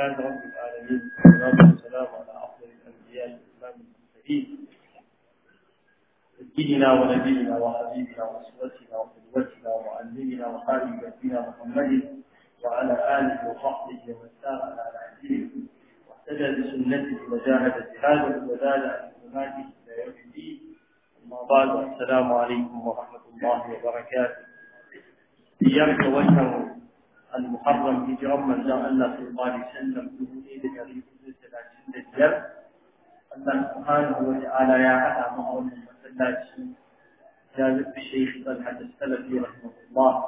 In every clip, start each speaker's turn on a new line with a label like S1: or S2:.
S1: لله رب العالمين والصلاة والسلام على أفضل الأنبياء والإمام المرسلين سيدنا ونبينا وحبيبنا وسوتنا وقدوتنا ومعلمنا وخالد نبينا محمد وعلى آله وصحبه ومن سار على نهجه واهتدى بسنته وجاهد جهاده وزاد عن حرماته إلى يوم الدين أما بعد السلام عليكم ورحمة الله وبركاته إياك وجهه Muharrem Hicran Mevla Allah Sallallahu Aleyhi ve Sellem da de yarayıp bize selam için dediler.
S2: Allah Subhanahu ve Teala'ya hala muhavun ve sellem
S1: için cazip bir şeyh ve hadis talebi rahmetullah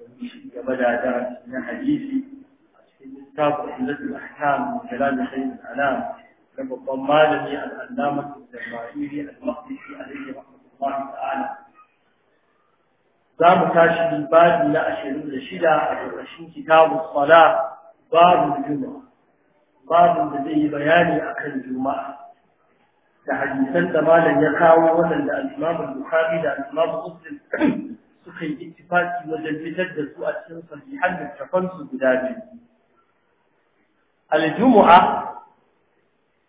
S1: ve müşri ve bela derecesine hadisi Aşkın kitabı Hizmet-i Ahkam ve Celal-i Şeyh-i Alam ve bu tammalini el-Allamat-ı Zerrahiri el-Mahdisi aleyhi rahmetullahi ve alam. za mu tashi babi na ashirin da shida a ƙarƙashin kitabu sala babu juma'a babin da zai yi bayani akan juma'a da hadisan da malam ya kawo waɗanda al-imamu bukhari da al-imamu muslim suka yi ittifaki wajen fitar da su a cikin sahihan littafan su guda biyu al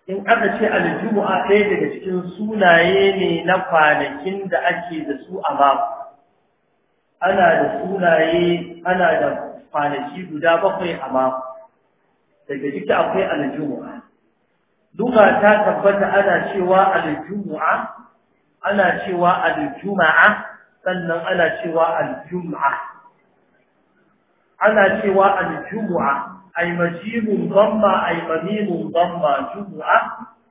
S1: in aka ce al-jumu'a ɗaya daga cikin sunaye ne na kwanakin da ake da su a mako ana da sunaye ana da kwanaki guda bakwai a mako daga jiki akwai aljumu'a duka ta tabbata ana cewa aljumu'a ana cewa aljumu'a sannan ana cewa aljumu'a ana cewa aljumu'a ay majibun dhamma ay mamimun dhamma jumu'a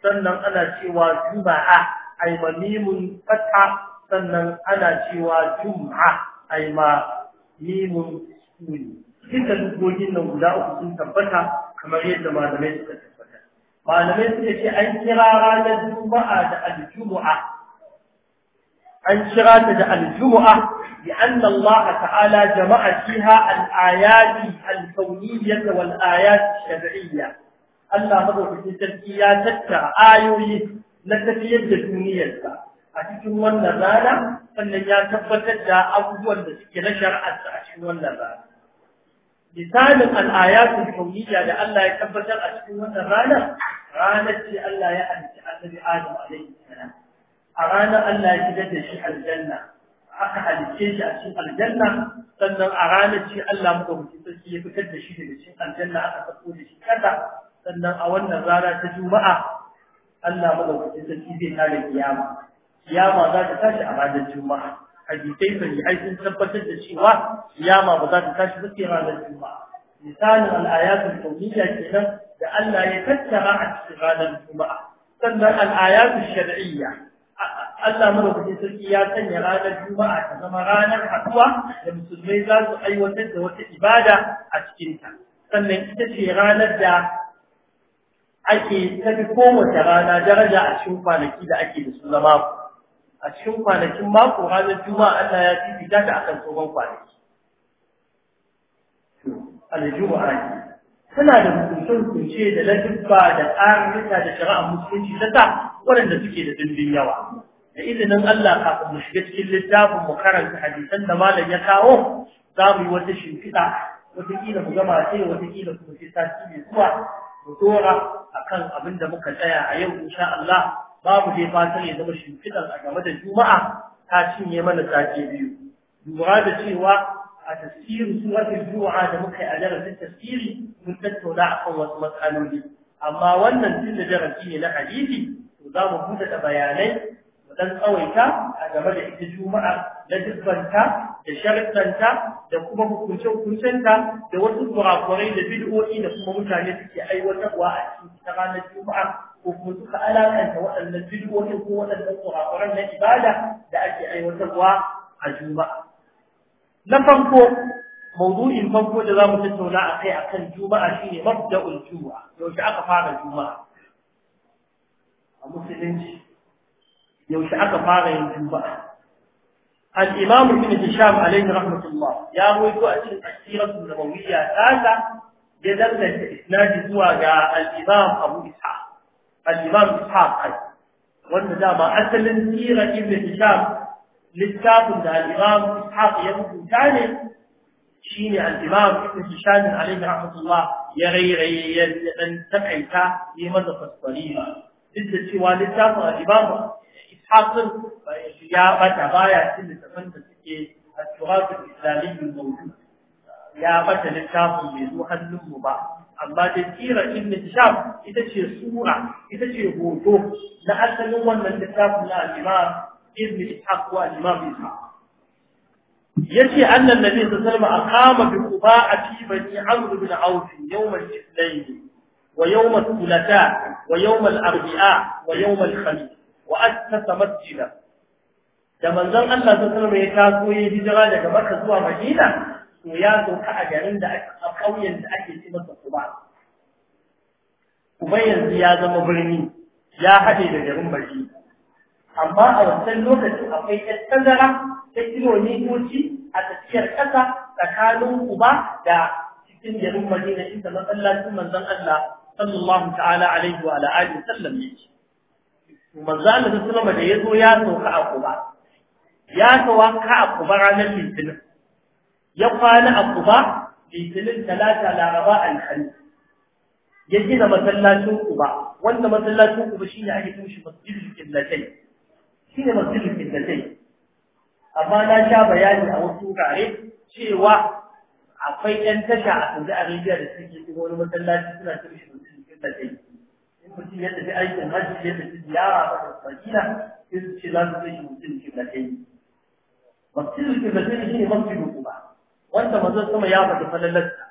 S1: sannan ana cewa jumu'a ay mamimun fatha sannan ana cewa jumu'a ai ma nimu suri duka dukkokin nan guda uku sun tabbata kamar yadda malamai suka tabbata malamai suka ce an kira ranar juma'a da aljumu'a an kira ta da aljumu'a bi anna Allah ta'ala jama'a jiha al-ayati al-kawniyyah wal ayat shar'iyyah Allah mabukin sarki ya tattara ayoyi na tafiyar da duniyar sa a cikin wannan rana sannan ya tabbatar da abubuwan da suke na shari'arsa a cikin wannan rana misalin al'ayatul kauniyya da Allah ya tabbatar a cikin wannan rana ranar ce Allah ya halitta annabi Adam alaihi salam a ranar Allah ya shigar da shi aljanna aka halice shi a cikin aljanna sannan a ranar ce Allah madaukakin sarki ya fitar da shi daga cikin aljanna aka sako da shi kasa? sannan a wannan rana ta juma'a Allah madaukakin sarki zai tare kiyama kiyama za ta tashi a ranar juma'a hadisai sahihai sun tabbatar da cewa kiyama ba za ta tashi ba sai ranar juma'a misalin al'ayatul kauniyya kenan da Allah ya tattara a cikin ranar juma'a sannan al'ayatul shar'iyya Allah madaukakin sarki ya sanya ranar Juma'a ta zama ranar haɗuwa da musulmai za su aiwatar da wata ibada a cikinta. Sannan ita ce ranar da ake tafi kowace rana daraja a cikin kwanaki da ake da su na mako. a cikin kwanakin mako ranar juma'a Allah ya fifita ta akan tsohon kwanaki aljuma'a suna da hukunce-hukunce da lajibba da tsarurruka da shari'ar musulunci ta sa waɗanda suke da dimbin yawa da izinin Allah kafin mu shiga cikin littafin mu karanta hadisan da malam ya kawo za mu yi wata shimfiɗa wataƙila mu gama sai wataƙila kuma sai sati mai zuwa mu dora akan abin da muka tsaya a yau insha Allah babu dai fatan ya zama shimfidar a game da juma'a ta cinye mana sake biyu lura da cewa a tasirin suwatin juma'a da muka yi a darasin tasiri mun tattauna akan wasu matsaloli amma wannan tun da darasi ne na hadisi to za mu buɗe bayanai dan tsawaita a game da ita juma'a na dubanta da sharifanta da kuma hukunce-hukuncenta da wasu kurakurai da bid'o'i da kuma mutane suke aiwatarwa a cikin ita ranar juma'a ko kuma suka alakanta waɗannan bid'o'i ko waɗannan kurakuran na ibada da ake aiwatarwa a juma'a. Na farko mawdu'in farko da zamu tattauna a akai akan juma'a shine mabda'ul juma'a yaushe aka fara juma'a a musulunci yaushe aka fara yin juma'a al-imam ibn hisham alayhi rahmatullah ya rawaito a cikin asirar nabawiyya tasa ya dallata isnadi zuwa ga al-imam abu ishaq al-imam ishaq wanda dama asalin sirar ibn hisham littafin da Al-Imam Ishaq ya rubuta ne shi Al-Imam Ibn Hishamin alaihi rahmatullah ya rairaye ya ɗan takaita yi masa fasfari duk da cewa littafin al'imam حاصل ya bata baya cikin littafin da suke a turatu islami mawdu ya bata littafin mai zo hannun mu ba amma da tsira in littaf ita ce sura ita ce hoto na asalin wannan littafin na al-imam ibn ishaq wa al-imam ishaq yace annan nabi sallallahu alaihi wasallam aqama bi quba ati bani ويوم الثلاثاء ويوم الأربعاء ويوم الخميس wa assasa masjida da manzon Allah sallallahu alaihi wasallam ya taso ya hijira daga Makka zuwa Madina to ya sauka a garin da aka a ƙauyen da ake ci masa Kuba kuma yanzu ya zama birni ya haɗe da garin Madina amma a wancan lokacin akwai ƴan tazara ta kilomitoci a tafiyar ƙasa tsakanin Kuba da cikin garin Madina inda masallacin manzon Allah sallallahu ta'ala alaihi wa alihi sallam yake manzo Allah sallallahu da yazo ya sauka a Quba ya sauka a Quba ranar Litinin ya kwana a Quba Litinin talata Laraba alhamis ya gina masallacin kuba. wanda masallacin Quba shine ake tun shi masjidul qiblatain shine masjidul qiblatain amma na sha bayani a wasu wurare cewa akwai 'yan tasha a Saudi Arabiya da suke cikin wani masallaci suna tun shi masjidul qiblatain mutum ya tafi aikin hajji yadda tafi ziyara ta Madina sai su ce za su kai mutum kiblatai masjidul kiblatai shine masjidul quba wanda mazan sama ya faɗi falalarsa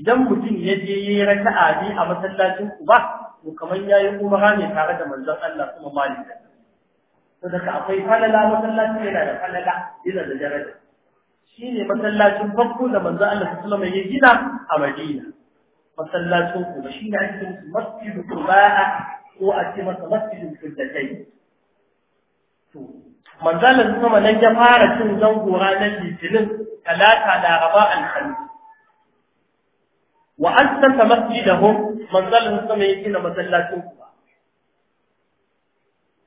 S1: idan mutum ya je ya yayi raka'a ne a masallacin quba to kamar yi umara ne tare da manzon Allah kuma malika saboda akwai falala masallacin yana da falala yana da daraja shine masallacin farko da manzon Allah sallallahu alaihi wasallam ya gina a Madina masallacin ku shi shine ake musu masjidu qurbaa ko a ce masa masjidin kullatai to manzalan sama nan ya fara cin zango na litinin talata raba alhamis wa assasa masjidahum manzalan sama ya gina masallacin ku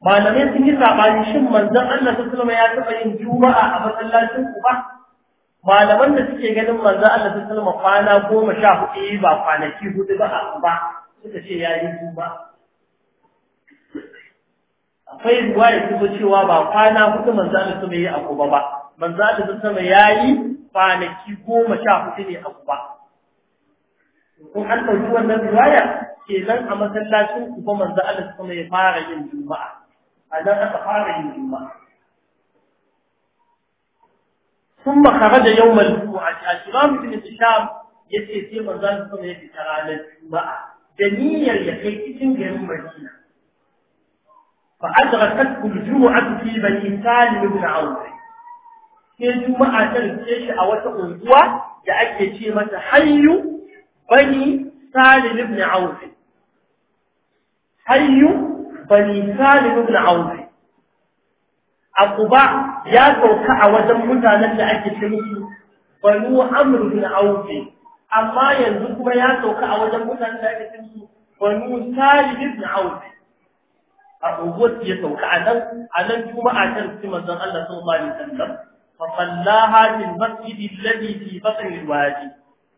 S1: malamai sun yi sabani shin manzon Allah sun alaihi ya taba yin juma'a a masallacin ku ba malaman da suke ganin manzo Allah alaihi wasallam kwana goma sha hudu ba kwanaki hudu ba ba suka ce ya yi duba akwai ruwa da suka cewa ba kwana hudu manzo Allah ta yi abu ba manzo Allah ta sallama ya yi kwanaki goma sha hudu ne abu ba ko an dauki wannan riwaya dan a masallacin ku ba manzo Allah alaihi wasallam ya fara yin juma'a a nan aka fara yin juma'a ثم خرج يوم الجمعة الإمام a هشام yace sai manzon sama ya fita ranar Juma'a da niyyar ya kai cikin garin Madina fa adrakat kul jumu'atu fi bani Salim ibn Auf sai Juma'a ta rike shi a wata unguwa da ake ce mata Hayyu bani Hayyu bani a ya sauka a wajen mutanen da ake ce musu banu amru bin auf amma yanzu kuma ya sauka a wajen mutanen da ake ce musu banu salih bin auf a unguwar ya sauka a nan a nan juma'a kan su manzon Allah sallallahu alaihi wasallam fa sallaha min masjidi alladhi fi batn alwadi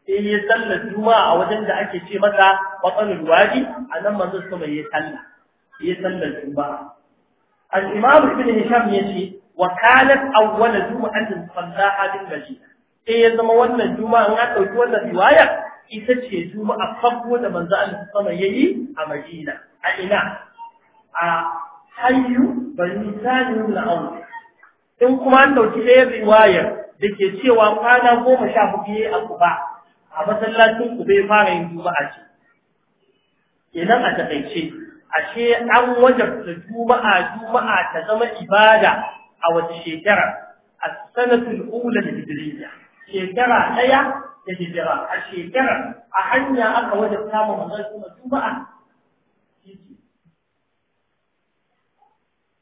S1: sai ya sallar juma'a a wajen da ake ce masa batn alwadi a nan manzon sama ya salla ya sallar juma'a al-imam ibn hisham وكانت أول جمعة صلاها للمدينة sai ya zama wannan juma'a in aka ɗauki wannan riwaya ita ce juma'a farko da manzo Allah sama yayi a Madina a ina a hayyu bani sani na aure in kuma an ɗauki ɗaya da ke cewa kwana goma sha hudu yayi a Kuba a masallacin Kuba ya fara yin juma'a ce kenan a takaice ashe an wajabta juma'a juma'a ta zama ibada a wata shekara a sanatun ula da hijiriya shekara ɗaya da hijira a shekara, a hanya aka wajen samun mazarsu na juma'a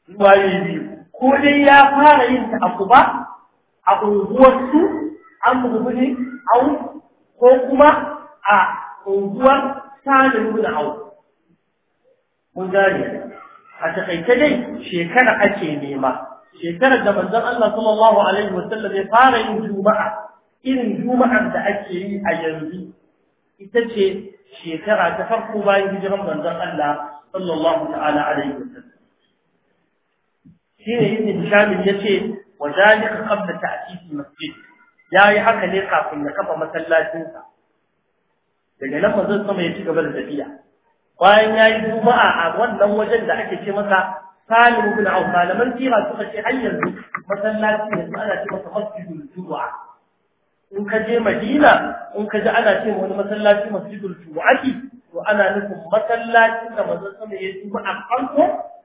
S1: ruwaye biyu ko dai ya fara yin ta abu ba a unguwarsu an a au ko kuma a unguwar sani rubuni au mun gane a taƙaita dai shekara ake nema shekarar da manzon Allah sallallahu alaihi wasallam ya fara yin juma'a irin juma'ar da ake yi a yanzu ita ce shekara ta farko bayan hijiran manzon Allah sallallahu ta'ala alaihi wasallam shine ibn Shamil yace wa zalika qabla ta'sis masjid yayi haka ne kafin ya kafa masallacinsa daga nan manzon sama ya ci gaba da tafiya bayan yayi juma'a a wannan wajen da ake ce masa salim ibn auf malaman sira suka ce har yanzu masallaci yanzu ana ce masa masjidul juma'a in ka je madina in ka ji ana ce wani masallaci masjidul juma'ati to ana nufin masallacin da manzon sama ya yi a farko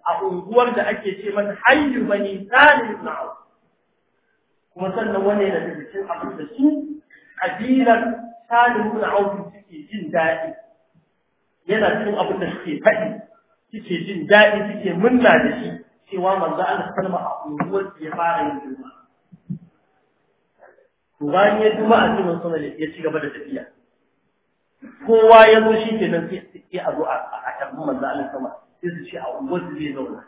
S1: a unguwar da ake ce mata hayyu bani salim na auf kuma sannan wani yana da cikin abin da su kabilar salim ibn auf suke jin daɗi yana cikin abun da suke faɗi suke jin daɗi suke munna da shi cewa manzo Allah sallama a unguwar ya fara yin juma'a to bayan ya juma'a sai manzo sallallahu ya ci gaba da tafiya kowa ya zo shi kenan sai a zo a tabbu manzo Allah sama sai su ce a unguwar su zai zauna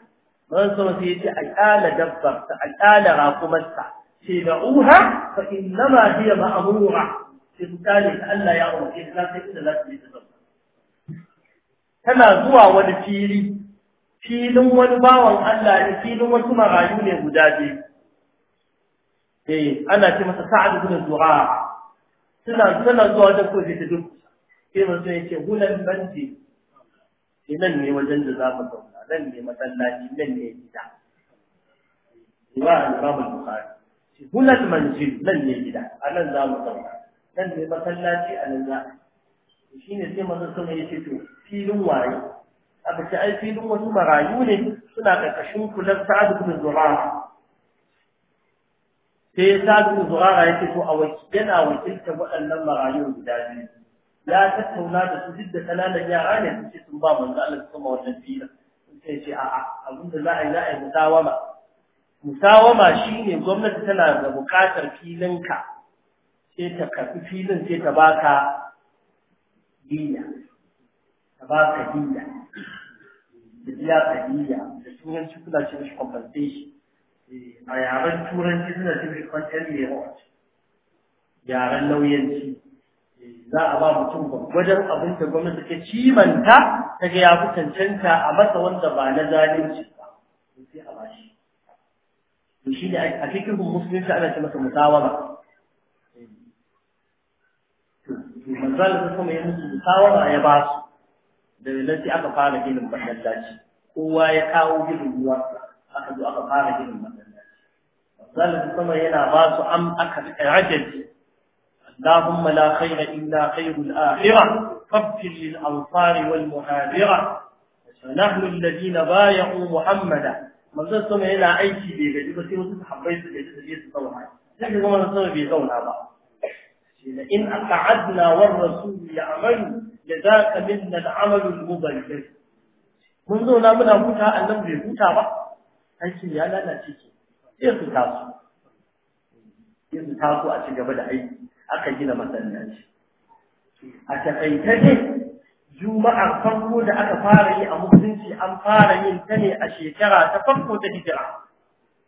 S1: manzo sama sai ya ce a ƙala dabbar ta a ƙala rakumarsa sai da uha fa innama hiya ma'amura sai su kale ta Allah ya umarce ta sai inda za su yi ta tana zuwa wani fili filin wani bawan Allah ne filin wasu marayu ne guda biyu eh ana ce masa sa'ad ibn zu'a tana suna zuwa da ko ta duk sai mun sai ce hulan bandi nan ne wajen da za mu zauna nan ne masallaci nan ne gida riwaya Imam Bukhari hulan manzil nan ne gida a nan za mu zauna nan ne masallaci a nan mu shi ne sai manzon sama ya ce to filin waye aka ce ai filin wasu marayu ne suna ƙarƙashin kular sa'adu bin zurara sai sa'adu bin zurara ya ce to a yana wakilta waɗannan marayu guda biyu ya tattauna da su duk da kananan yara ne su ce sun ba manzo Allah kuma wannan filin sai ce a'a da za a yi za a yi musawama musawama shine gwamnati tana da buƙatar filinka sai ta karɓi filin sai ta baka diya ta ba ka diya da biya ka diya da turanci kuna ce mishi shi. Eh, a yaren turanci suna ce mishi content reward yaren lauyanci eh, za a ba mutum gwaggwajen abin da gwamnati ta cimanta ta ga ya fi cancanta a masa wanda ba na zalunci ba sai a ba shi. shi ne a cikin musulunci ana ce masa musawama manzal kuma ya musu musawara ya ba su da lalaci aka fara ginin masallaci kowa ya kawo ginin ruwa aka zo aka fara ginin masallaci manzal kuma yana ba su am aka ajabi اللهم لا خير إلا خير الآخرة فابتل للأنصار والمهاجرة فنحن الذين بايعوا محمدا manzal sama yana aiki bai gaji sai wasu sahabbai su gaji da su tsauna sai kuma manzal bai zauna ba in aka ya لئن da za ka لذاك منا العمل المبلغ mun zauna muna huta annan bai huta ba aikin ya lalace ke sai su taso sai su taso a ci gaba da aiki aka gina masallaci a takaice ne juma'a farko da aka fara yi a musulunci an fara yin ta ne a shekara ta farko ta hijira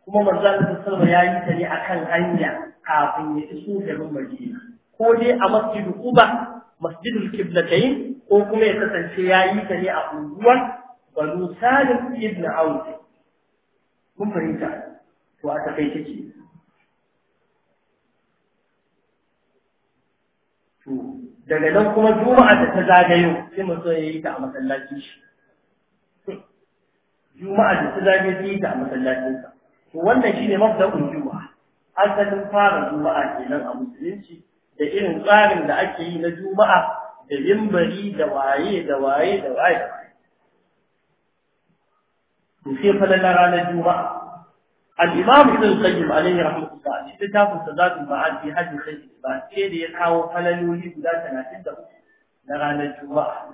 S1: kuma manzo Allah sallallahu alaihi wasallam ya yi ta ne akan hanya kafin ya iso garin Madina ko dai a masjidu Quba masjidul Qiblatayn ko kuma ya kasance yayi ta ne a unguwar Banu Salim ibn aus kun fahimta to a kai take to daga nan kuma juma'a da ta zagayo sai mu ya yi ta a masallacin shi juma'a da ta zagayo sai yi ta a masallacinsa to wannan shine mabda'un juma'a asalin fara juma'a kenan a musulunci da irin tsarin da ake yi na juma'a da limbari da waye da waye da waye da waye to sai ranar juma'a al-imam ibn qayyim alayhi rahmatullah shi ta tafi sadatu ma'ad fi hadin khayr ba sai da ya kawo falaloli guda 33 na ranar juma'a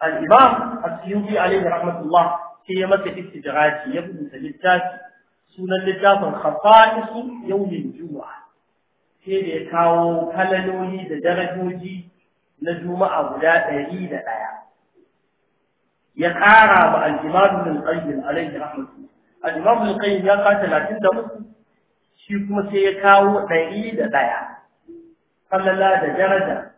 S1: al-imam as-suyuti alayhi rahmatullah sai ya masa istijraji ya rubuta littafi sunan littafin khafa'isu yawmin juma'a sai da ya kawo kalaloli da darajoji na juma'a guda ɗari da ɗaya ya ƙara ma al-imam ibn qayyim alayhi rahmatu al ya ibn qayyim ya da 33 shi kuma sai ya kawo ɗari da ɗaya kallala da daraja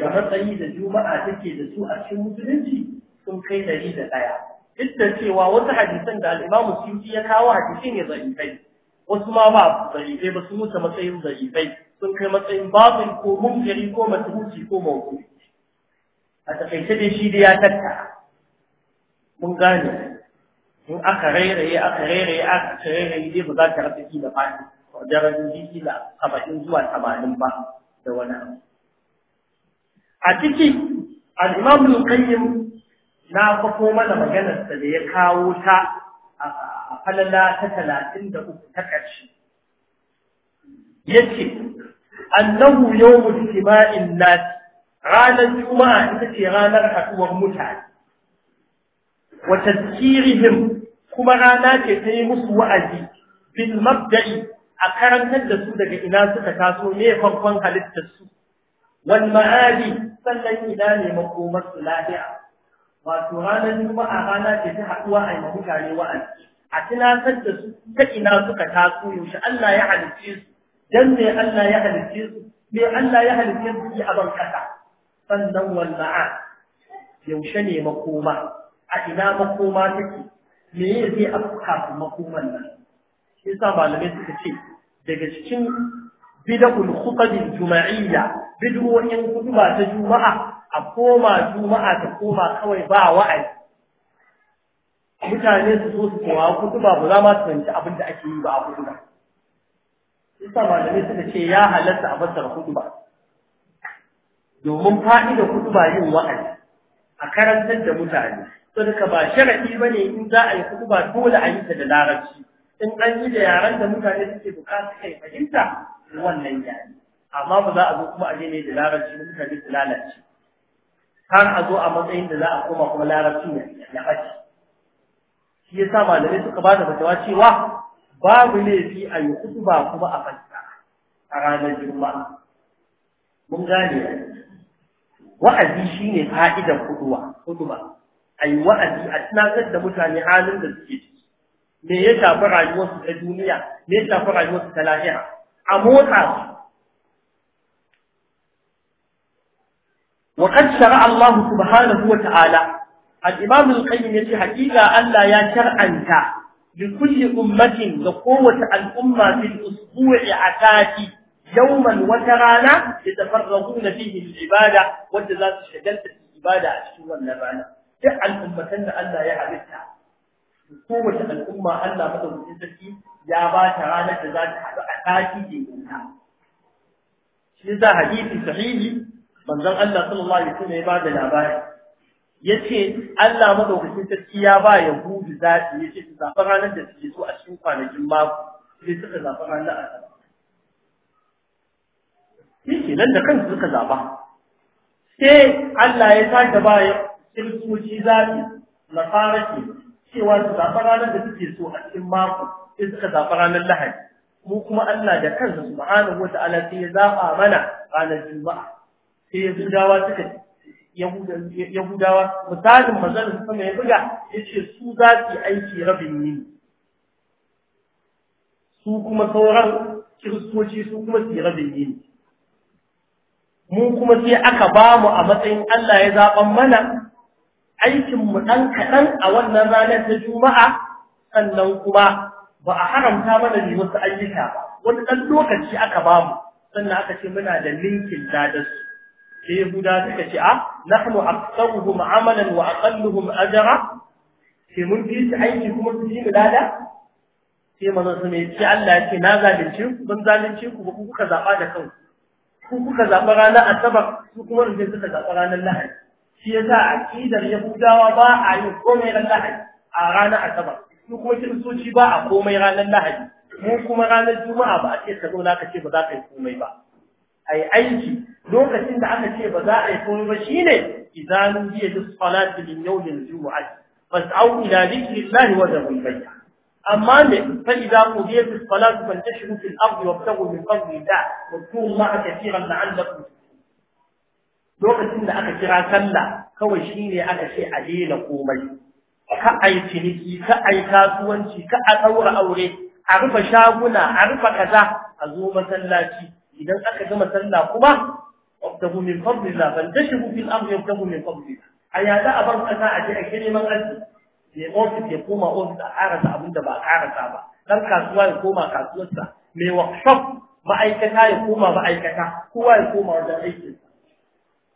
S1: da matsayi da juma'a take da su a cikin musulunci sun kai ɗari da ɗaya duk da cewa wasu hadisan da al sun ya kawo hadisi ne kai? wasu ma ba zarifai ba sun wuce matsayin zarifai sun kai matsayin babu ko munkari ko matuci ko mawku a takaice dai shi da ya tattara mun gane in aka rairaye aka rairaye aka rairaye dai ba za ta rasa ki da fadi daren jiki da saba'in zuwa tamanin ba da wani abu a ciki al qayyim na kwafo mana maganarsa da ya kawo ta a falala ta talatin da uku ta ƙarshe yace annahu yau jima'in nas ranar juma'a ita ce ranar haɗuwar mutane Wata tazkirihim kuma rana ce ta yi musu wa'azi bil mabda'i a karantar da su daga ina suka taso ne farkon halittar su wal sannan ina ne makomar su lahira wato ranar juma'a rana ce ta haɗuwa a yi mutane wa'azi a tunatar da su ta ina suka taso yaushe Allah ya halicce su dan me Allah ya halicce su me Allah ya halicce su a ban kasa sannan wal ma'a yaushe ne makoma a ina makoma take me ya zai afka makoman nan shi yasa malamai suka ce daga cikin bid'ul khutbah al-juma'iyya bid'o'in khutba ta juma'a a koma juma'a ta koma kawai ba wa'azi mutane su so su kowa kudu ba za ma su abin da ake yi ba a kudu ba isa malamai suka ce ya halatta a basar kudu ba domin da kudu ba yin wa'azi a karantar da mutane saboda ba sharaɗi ba ne in za a yi kudu ba dole a yi ta da larabci in an yi da yaren da mutane suke bukata kai fahimta wannan yare amma ba za a zo kuma a je ne da larabci mutane su lalace har a zo a matsayin da za a koma kuma larabci ne ya ɓace shi ya sa malamai suka ba da fatawa cewa babu laifi a yi ba kuma a fassara a ranar juma'a mun gane wa'azi shine fa'idar kuduwa kuduwa yi wa'azi a tunatar da mutane halin da suke ciki me ya shafi rayuwarsu ta duniya me ya shafi rayuwarsu ta lahira a motsa وقد شرع الله سبحانه وتعالى الإمام القيم يتي حقيقة ألا يا شرعنك لكل أمة لقوة الأمة في الأسبوع عتاتي يوما وترانا يتفرغون فيه العبادة والذات شجلت العبادة أشهر النبانة دع الأمة ألا يا عبدتها لقوة الأمة ألا مدر الإنسكي يا باترانا تزاد عتاتي دينها هذا حديث صحيح manzon Allah sallallahu alaihi wasallam ya ba da labari yace Allah madaukakin sarki ya ba yahudu zati yace su zafa ranar da suke so a cikin kwanakin mako sai suka zaɓi ranar asabar yake nan da kansu suka zaɓa sai Allah ya sake ba zati na fara ke cewa su zafa ranar da suke so a cikin mako sai suka zafa ranar lahadi mu kuma Allah da kansa subhanahu wata'ala sai ya zafa mana ranar juma'a sai yahudawa suka yahudawa misalin manzon sama ya buga yace su za su aiki rabin yini su kuma sauran kiristoci su kuma su rabin yini mu kuma sai aka ba mu a matsayin Allah ya zaɓan mana aikinmu ɗan kaɗan a wannan ranar ta juma'a sannan kuma ba a haramta mana ne wasu ayyuka ba wani ɗan lokaci aka ba mu sannan aka ce muna da linkin ladarsu sai guda suka ce a ah, nahnu aktsaruhum amalan wa aqalluhum ajra sai mun fi su aiki kuma su yi lada sai manzon sun ya ce Allah ya ce na zalunce ku ban zalunce ku ba ku kuka zaba da kanku ku kuka zaba ranar asabar su kuma rufe suka zaba ranar lahadi shi ya yasa aqidar yahudawa ba a yi komai ran lahadi a ranar asabar su kuma kiristoci ba a komai ranar lahadi mu kuma ranar juma'a ba a ce ka zauna ka ce ba za ka yi komai ba ai aiki lokacin da aka ce ba za a yi komai ba shine idan biya da salati min su jumu'ah da ila dhikrillahi wa dhabul bayt amma ne fa idan ku biya da salati fantashiru fil da mutum ma fadlillah wa kuru ma'a kathiran lokacin da aka kira sallah kawai shine aka ce a daina komai ka ai ciniki ka ai kasuwanci ka a daura aure a rufe shaguna a rufe kaza a zo masallaci idan aka gama sallah kuma wabtahu min fadlillah tashbu fil ardi wabtahu min fadlillah aya za a bar kasa a je a kire man mai ofis ya koma ofis a karasa abin da ba a karasa ba dan kasuwa ya koma kasuwarsa mai workshop ma'aikata ya koma ma'aikata kowa ya koma wajen aikin.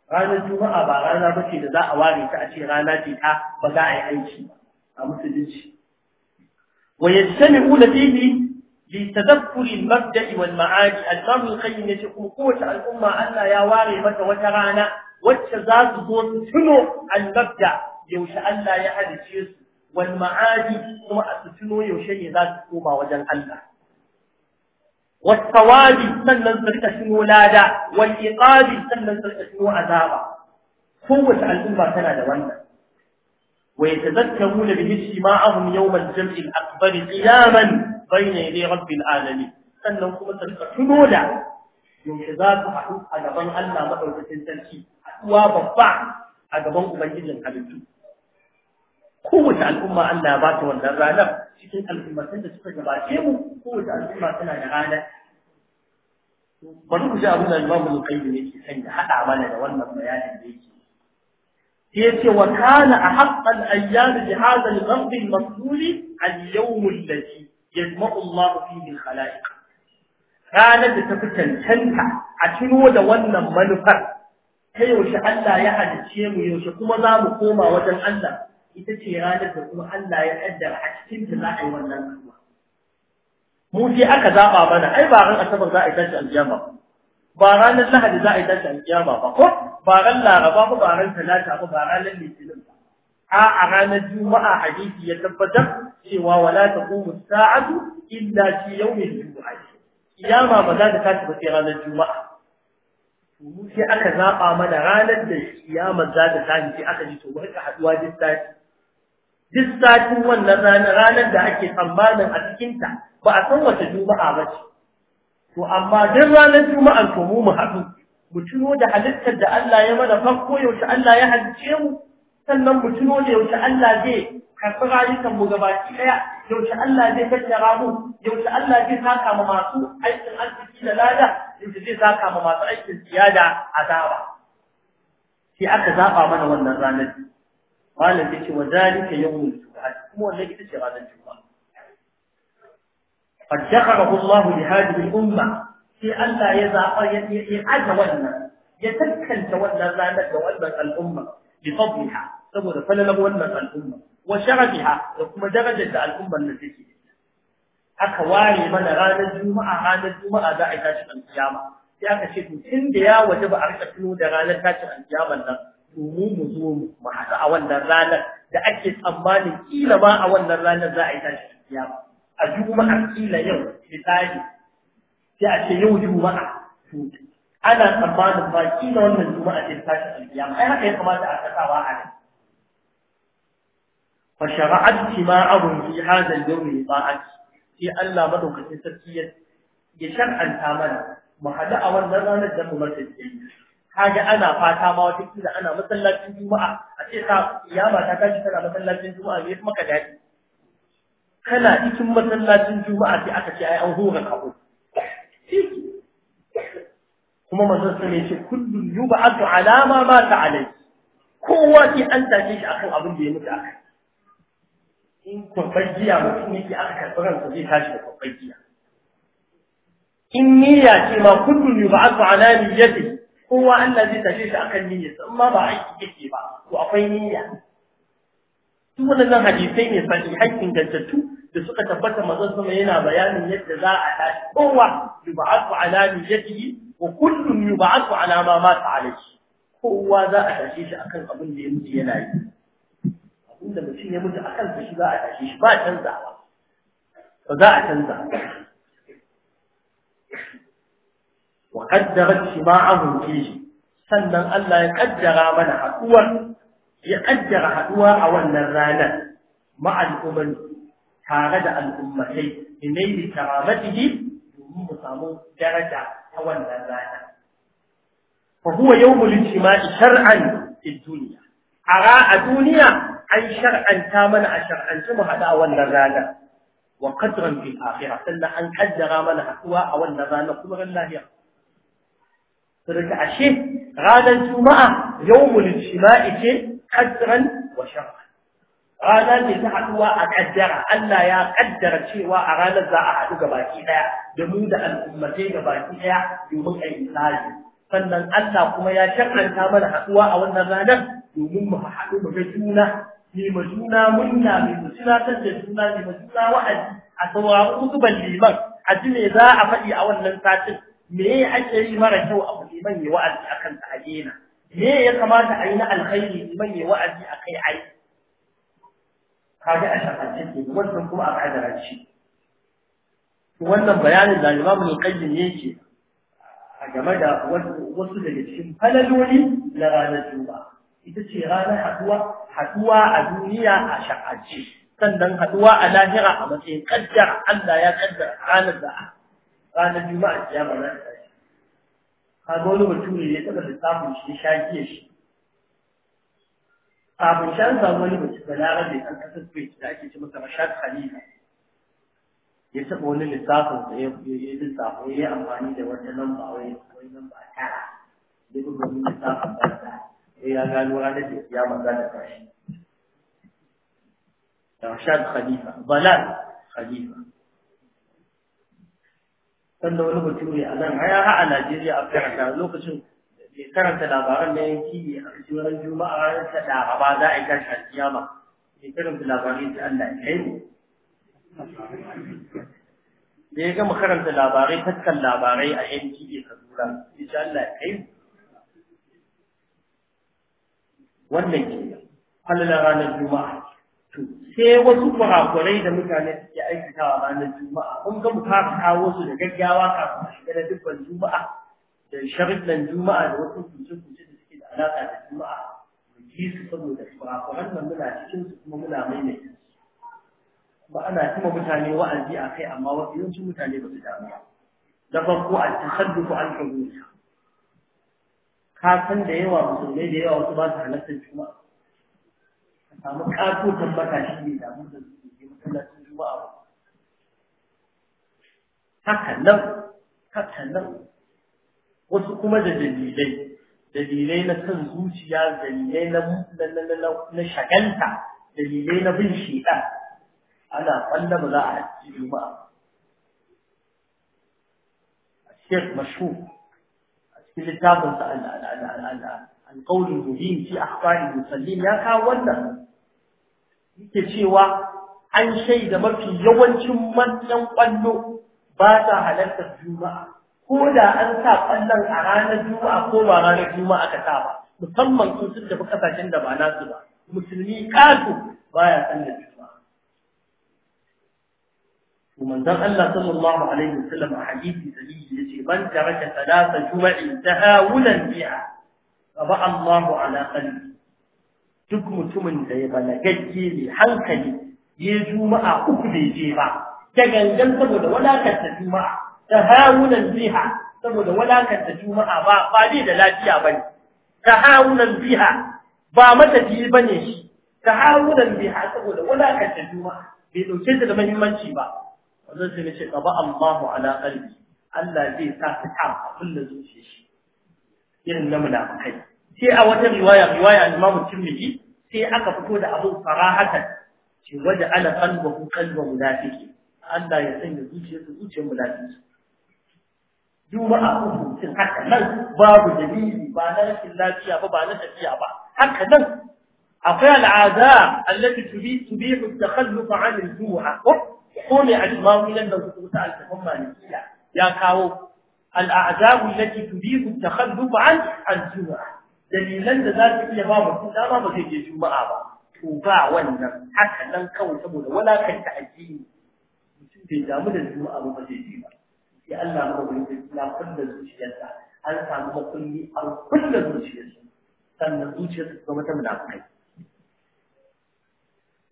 S1: ranar juma'a ba rana ba da za a ware ta a ce rana ce ba za a yi aiki a musulunci wa yajtami'u fihi لتذكر المبدأ والمعاد الإمام القيم يقول قوة الأمة أن يا واري متى وترانا والتزاد دون تنو المبدأ يوش أن لا يحدث والمعاد ثم أتتنو يوش يزاد كوما وجل الله والثواب سنن سرقة شنو لادا والإقاب سنن سرقة شنو عذابا قوة الأمة تنا دوانا ويتذكرون به اجتماعهم يوم الجمع الأكبر قياما bayna yaday rabbil alamin sannan kuma ta rika tuno da yaushe za ta haɗu a gaban Allah madaukakin sarki haɗuwa babba a gaban ubangijin halittu kowace al'umma Allah ya ba ta wannan ranar cikin al'ummatan da suka gabace mu kowace al'umma tana da ranar bari ku ji abin da Imam Al-Qayyim yake sanya hada mana da wannan bayanin da yake yace wa kana ahaqqal ayyam bi hadha al-ghadb al-mas'ul al-yawm alladhi yajma'u Allah fihi al-khalaiq ranar da ta fi cancanta a tuno da wannan manufar ta yaushe Allah ya halicce mu yaushe kuma za mu koma wajen Allah ita ce ranar da kuma Allah ya kaddara a cikin ta za a yi wannan kuma mu sai aka zaba mana ai ba ran asabar za a yi tashi aljama ba ranar lahadi za a yi tashi aljama ba ko ba ran laraba ba ba ran talata ba ba ranar litinin ba a ranar juma'a hadisi ya tabbatar cewa wala taqumu sa'atu illa fi al-jum'ah kiyama ba za ta tashi ba sai ranar juma'a to mu sai aka zaba mana ranar da kiyama za ta tashi sai aka ji to mu rika haduwa duk sati duk sati wannan ranar ranar da ake tsammanin a cikin ta ba a san wata juma'a ba ce to amma duk ranar juma'a to mu mu haɗu mu tuno da halittar da Allah ya mana farko yaushe Allah ya halicce mu sannan mu tuno da yaushe Allah zai karɓi rayukan mu gabaki ɗaya yaushe Allah zai tattara mu yaushe Allah zai saka ma masu aikin arziki da lada yaushe zai saka ma masu aikin siyada azaba sai aka zaba mana wannan ranar malam yake wa zalika yawmul jumu'ah kuma wannan ita ce ranar juma'a Allah li قد شغله الله لهذه الأمة في أن لا يزعق يتعد ولا يتكل تولى ذلك وألبس الأمة بفضلها saboda falalar wannan al'umma wa sharafiha da kuma darajar da al'ummar nan take aka ware mana ranar juma'a ranar juma'a za a yi tashin alkiyama sai aka ce to tun da ya waje ba a rika tuno da ranar tashin alkiyamar nan to mu mu zo mu mu haɗu a wannan ranar da ake tsammanin kila ba a wannan ranar za a yi tashi tashin alkiyama a juma'a kila yau misali sai a ce yau juma'a to ana tsammanin ba kila wannan juma'a ce ta tashi alkiyama ai haka ya kamata a kasawa a nan fa shara'at tima'ahum fi hadha al-yawm ta'at sai Allah madaukakin sarki ya shar'anta mana mu hada a wannan ranar da mu bar ta kaga ana fata ma wata kila ana masallacin juma'a a ce ta, kiyama ta kashi tana masallacin juma'a ne kuma ka dadi kana cikin masallacin juma'a sai aka ce ai an hura kaho kuma manzon sun yace kullun yub'atu alama ba mata alai kowa ke an tashi shi akan abin da ya mutu akai in kwabbar jiya mutum yake aka karɓi ransa zai tashi da kwabbar jiya in niyya ce ma kullum kullun yub'atu ala niyyati kowa Allah zai tashi shi akan niyyarsa amma ba aiki yake ba to akwai niyya duk waɗannan hadisai ne sahihai ingantattu da suka tabbata manzon sama yana bayanin yadda za a tashi kowa yub'athu ala niyyatihi wa kullun yub'athu ala ma mata alayhi kowa za a tashe shi akan abin da ya mutu yana yi abin da mutum ya mutu akan sa shi za a tashe shi ba canzawa ba za a canza wa qaddarat shima'ahum fihi sannan Allah ya kaddara mana hakuwar يقدر هدوء أو النرانة مع الأمم تارد الأمتي لنيل كرامته يوم صامو درجة أو النرانة فهو يوم الانتماء شرعا في الدنيا أراء الدنيا أي شرعا كامن أشرعا ثم هذا أو النرانة وقدرا في الآخرة سنة أن قدر من هدوء أو النرانة كما الله يقول فرجع غادا الجمعة يوم الانتماء شيء qadran wa shar'an rana ne ta haduwa a kaddara Allah ya kaddara cewa a ranar za a haɗu baki ɗaya da mu da al'ummatai baki daya domin a yi sannan Allah kuma ya shar'anta mana haɗuwa a wannan ranar domin mu haɗu mu ga juna mai ma juna munna mai ma tunatar da juna mai ma juna wa'azi a saurari kutuban liman a ji za a faɗi a wannan satin me ake yi mara kyau a liman ya wa'azi akan ta a me ya kamata a yi na alkhairi liman ya wa'azi a kai ai kaga a shakance ke wannan kuma a kadara ce wannan bayanin da Imam Al-Qayyim yake a game da wasu daga cikin falaloli na ranar Juma'a ita ce ranar haduwa haduwa a duniya a shakance sannan haduwa a lahira a matsayin kaddara Allah ya kaddara ranar da ranar Juma'a kiyama na kaga wani bature ya taɓa lissafin shi sha giya shi kafin shan samu wani bature da larabe ɗan ƙasar spain da ake ce masa rashad khalifa ya taɓa wani lissafin da ya yi lissafin ya yi amfani da wata lamba wai wai lamba tara ya bi wani lissafin da ya gano ranar da ya maza da ƙarshe rashad khalifa balal khalifa sannan wani mutum ne a nan haya a Najeriya a karanta lokacin da karanta labaran na yanki ne a ranar Juma'a ranar ta Laraba za a yi tashin kiyama ya karanta labarai ta Allah ya kai mu. Da ya gama karanta labarai tattan labarai a yanki ne Kaduna ya ce Allah ya kai mu. Wannan ke halalar ranar Juma'a. sai wasu kurakurai da mutane suke aikatawa ranar juma'a kun ga mu fara kawo su da gaggawa kafin a shiga da dubban juma'a da sharuɗan juma'a da wasu kuce-kuce da suke da alaƙa da juma'a mu ji su saboda kurakuran nan muna cikin su kuma muna maimaita ba ana kuma mutane wa'azi a kai amma wasu yawancin mutane ba su damu ba da farko a tasadduku an hudud ka san da yawa musulmai da yawa wasu ba su halartar juma'a samu katotan shi ne damu da su ke masallacin juma'a ba haka nan haka nan wasu kuma da dalilai dalilai na son zuciya dalilai na na shaganta, dalilai na bin shedan ana kwalla ba za a hajji juma'a الشيخ مشهور في كتاب القول المبين في أخطاء المصلين يا كاولا yake cewa an shaida mafi yawancin manyan ƙwallo ba sa halartar juma'a ko da an sa ƙwallon a ranar juma'a ko ba ranar juma'a ka sa ba musamman sun sun tafi kasashen da ba nasu ba musulmi ƙato baya da juma'a to manzon Allah sallallahu alaihi wasallam a hadisi sahihi yace man taraka salata juma'i tahawulan biha fa ba Allahu ala qalbi duk mutumin da ya balagagge ne hankali ya juma'a uku bai je ba da gangan saboda walakanta juma'a ta harunan biha saboda walakanta juma'a ba ba da lafiya bane ta hawunan biha ba matafiyi bane shi ta harunan biha saboda walakanta juma'a bai ɗauke ta da muhimmanci ba wannan sai nace qaba Allahu ala qalbi Allah zai sa ta ta abin da zuciya shi irin na sai a wata riwaya riwaya Imam Tirmidhi sai aka fito da abin farahatan ce waje ala qalbuhu qalbu munafiki Allah ya sanya zuciyarsa zuciyar munafiki duba a hukuncin haka nan babu dalili ba na rashin lafiya ba ba na tafiya ba haka nan akwai al'ada allati tubi tubi takhalluq an al-jumu'a kome al-imam ilan da ku ta al-tafsir malikiya ya kawo al'ada allati tubi takhalluq an al-jumu'a dalilan da za su iya ba mutum dama ba zai je juma'a ba to ba wannan haka nan kawai saboda walakanta addini mutum bai damu da juma'a ba zai je ba sai Allah ma wani da ya kulla zuciyarsa an samu makulli an kulla zuciyarsa sannan zuciyarsa ta zama ta munafikai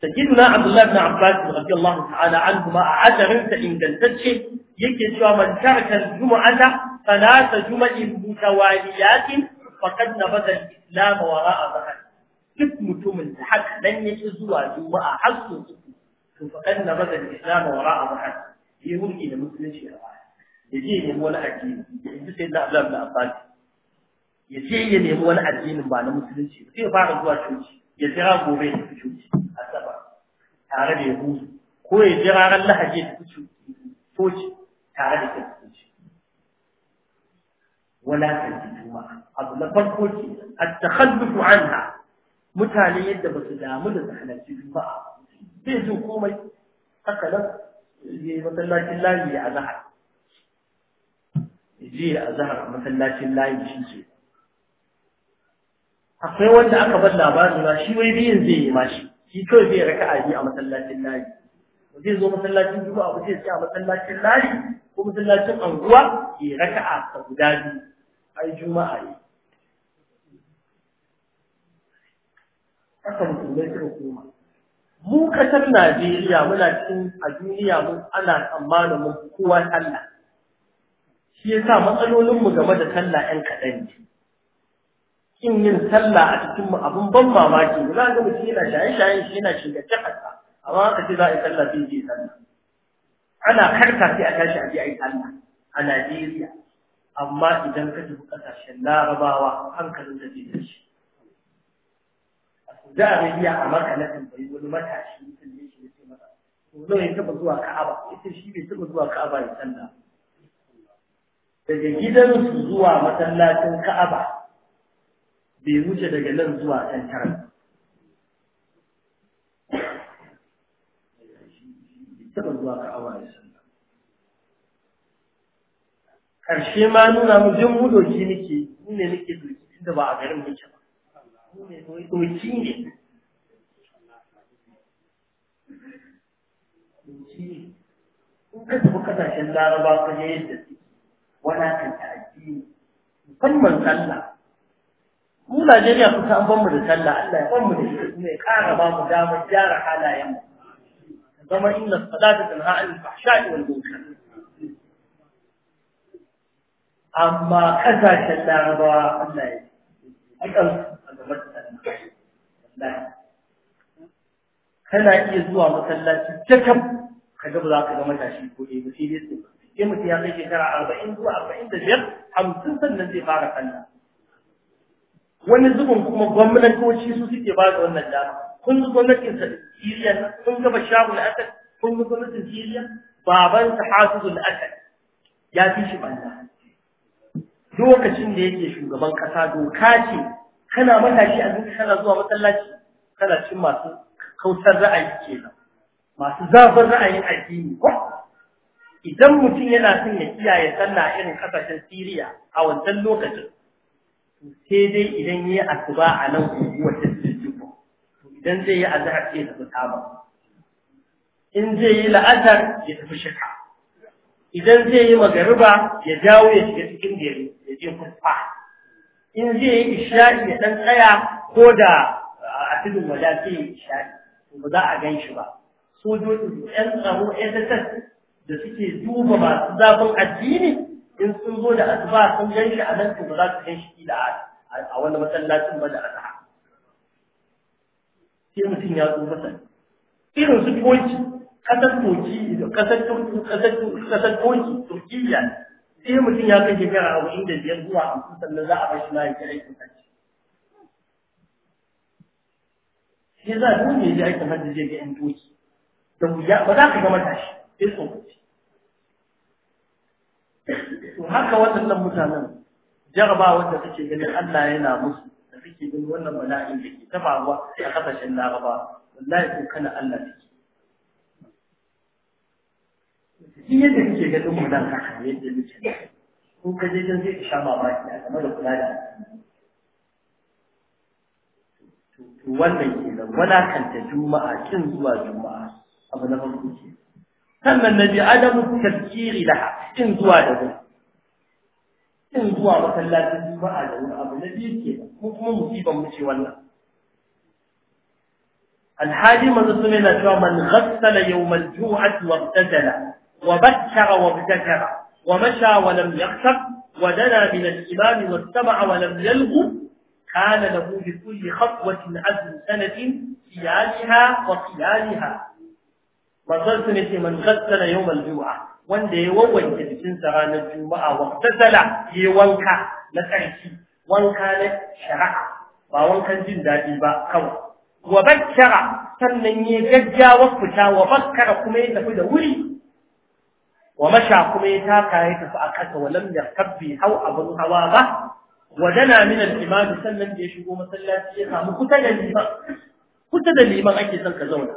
S1: سيدنا عبد الله بن عباس رضي الله تعالى عنهما أعذرنت إن جلتشه يكي من ترك الجمعة ثلاث جمع متواليات faqad nabada al-islam wara'a zahar duk mutumin da haka dan yake zuwa juma'a har so uku to faqad nabada al-islam wara'a zahar yi hulki da musulunci a baya yaje ne wani addini yanzu sai da Allah da Abbas yaje ya nemi wani addinin ba na musulunci ba sai fara zuwa coci ya jira gobe ya tafi coci asaba tare da yahudu ko ya jira ran lahaje ta tafi coci tare da kai wulakanci juma'a abu na farko ce at-takhallufu anha mutane yadda ba su damu da su halarci juma'a Zai jin komai haka nan je masallacin layi a zahar je a zahar a masallacin layi shi ke akwai wanda aka bar labari ma shi wai biyin zai yi ma shi shi kawai zai raka'a biyu a masallacin layi zai zo masallacin juma'a ba zai ce a masallacin layi ko masallacin anguwa ke raka'a ta guda biyu ai juma'a ne haka musulmai suka koma mu kasar Najeriya muna cikin a duniya mun ana tsammanin mun kowa sallah shi ya sa matsalolinmu game da sallah 'yan kaɗan ne kin yin sallah a cikin mu abun ban mamaki ne za ga mutum yana shaye shaye shi yana shiga cikin amma aka ce za a yi sallah sai je sallah ana karka sai a tashi a je a yi Allah a Najeriya amma idan ka tafi kasashen Larabawa hankalin da zai tashi a Saudi Arabia a Makka na tambayi wani matashi mutum ne shi ya ce masa to nawa ya taba zuwa Ka'aba ita shi bai taba zuwa Ka'aba ya sallah daga gidansu zuwa masallacin Ka'aba bai wuce daga nan zuwa can tara taɓa zuwa awa ya sallah ƙarshe ma nuna mu jin mu doki nake mu ne nake doki inda ba a garin muke ba mu ne doki ne doki ne in ka tafi kasashen laraba ka je yadda su wana kan ta addini musamman sallah mu Najeriya kusa an ban mu da sallah Allah ya ban mu da shi kuma ya ƙara ba mu damar gyara halayen mu zama inna salata tanha anil fahsha'i wal munkar amma kasashen larabawa Allah ya akan a kana iya zuwa masallaci jakam ka ga ba za ka ga matashi ko eh sai su sai mutum ya kai shekara arba'in zuwa biyar hamsin sannan zai fara sallah wani zubin kuma gwamnatoci su suke ba da wannan dama kun ga gwamnatin Siriya kun ga Bashar al-Assad kun ga gwamnatin Siriya baban ta Hafiz al-Assad ya fi shi banza lokacin da yake shugaban kasa doka ce kana matashi a duk kana zuwa masallaci kana cin masu kautar ra'ayi kenan masu zafin ra'ayin addini ko idan mutum yana son ya kiyaye sallah irin kasashen Siriya a wancan lokacin sai dai idan yayi asuba a nan wata idan zai yi azhar sai tafi taba in zai yi la'azar ya tafi shaka idan zai yi magariba ya dawo ya shiga cikin gari ya je kufa in zai yi isha'i ya dan tsaya ko da a tudun wada zai yi isha'i ba za a gan shi ba sojoji yan tsaro sss da suke duba masu zafin addini in sun zo da asuba sun gan shi a nan to ba za su gan shi da a wani masallacin ba da azhar sai mutum ya tsufa sa irin su toki kasar toki kasar kasar kasar toki turkiya sai mutum ya kai shekara arba'in da biyar zuwa hamsin sannan za a bar shi ma ya aikin hajji Sai za a dole ya ji aikin hajji zai ga yan toki da wuya ba za ka gama tashi, sai tsofaci to haka waɗannan mutanen jarabawar da suke ganin Allah yana musu suke gani wannan bala'in da ke ta faruwa a kasashen laraba wallahi ko kana Allah take shi yadda kake ganin mu nan haka yadda muke ko ka je can sai ka sha mamaki a game da kula da ke to wannan kan ta juma'a kin zuwa juma'a abu na farko ke sannan na bi adamu tafkiri laha kin zuwa da wuri in zuwa masallacin juma'a da wani abu na biyu ke ko kuma musibar mu ce wannan alhaji manzo sun yana cewa man ghassala yawmal jumu'ati wa ibtadala wa bakkara wa ibtakara wa masha wa lam yakhshab wa dana min al-imam wa ittaba wa lam yalghu kana lahu bi kulli khatwatin azm sanatin siyaliha wa qiyaliha manzo sun yace man ghassala yawmal jumu'ah wanda ya wawanke jikinsa ranar juma'a wa tasala yi wanka na tsarki wanka na shari'a ba wankan jin daɗi ba kawai wa bakkara sannan ya gaggawa fita wa bakkara kuma ya tafi da wuri wa masha kuma ya taka ya tafi a kasa wa lam yarkabbi hau abun hawa ba wa dana min al-imam sannan da ya shigo masallaci ya samu kusa da liman kusa da liman ake son ka zauna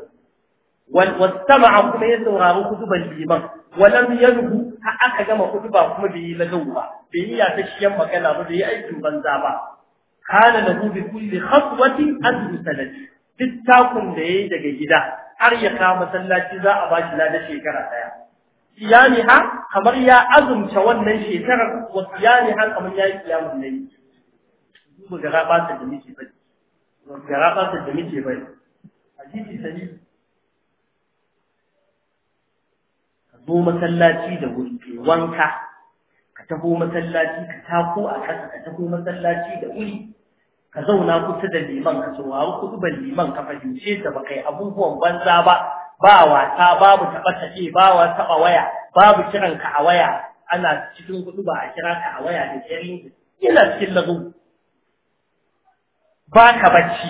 S1: wal wastama'a kuma ya saurari kutuban liman walam yanhu ha aka gama kutuba kuma bai yi lagau ba bai yi ya tashiyan magana ba bai yi aikin banza ba kana lahu bi kulli khatwatin ajru sanati duk da yayi daga gida har ya kama masallaci za a bashi lada shekara daya siyani ha kamar ya azumta wannan shekarar wa siyani ha kamar ya yi kiyamun nayi duba gara ba ta da muke bai gara ba ta da muke bai hadisi Sani. zo masallaci da wuri wanka ka taho masallaci ka tako a ƙasa ka taho masallaci da wuri ka zauna kusa da liman ka saurari kutubar liman ka fahimce ta ba kai abubuwan banza ba ba wasa babu taɓa taɓe ba wa taɓa waya babu kiran ka a waya ana cikin kudu ba a kira ka a waya da kirin ina cikin lagu ba ka bacci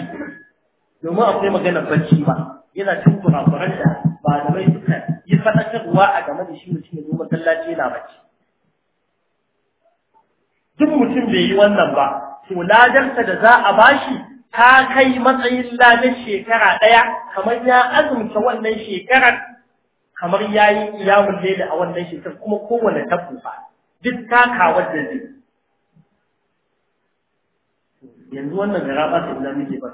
S1: domin akwai maganar bacci ba yana cikin kurakuran da ba da mai uwa a game da shi mutum ya zo masallaci yana bacci duk mutum bai yi wannan ba to ladarsa da za a bashi ta kai matsayin ladar shekara ɗaya kamar ya azumta wannan shekarar kamar ya yi iyamun leda a wannan shekarar kuma kowane ba duk takawar da zai yanzu wannan gara ba su ina muke ba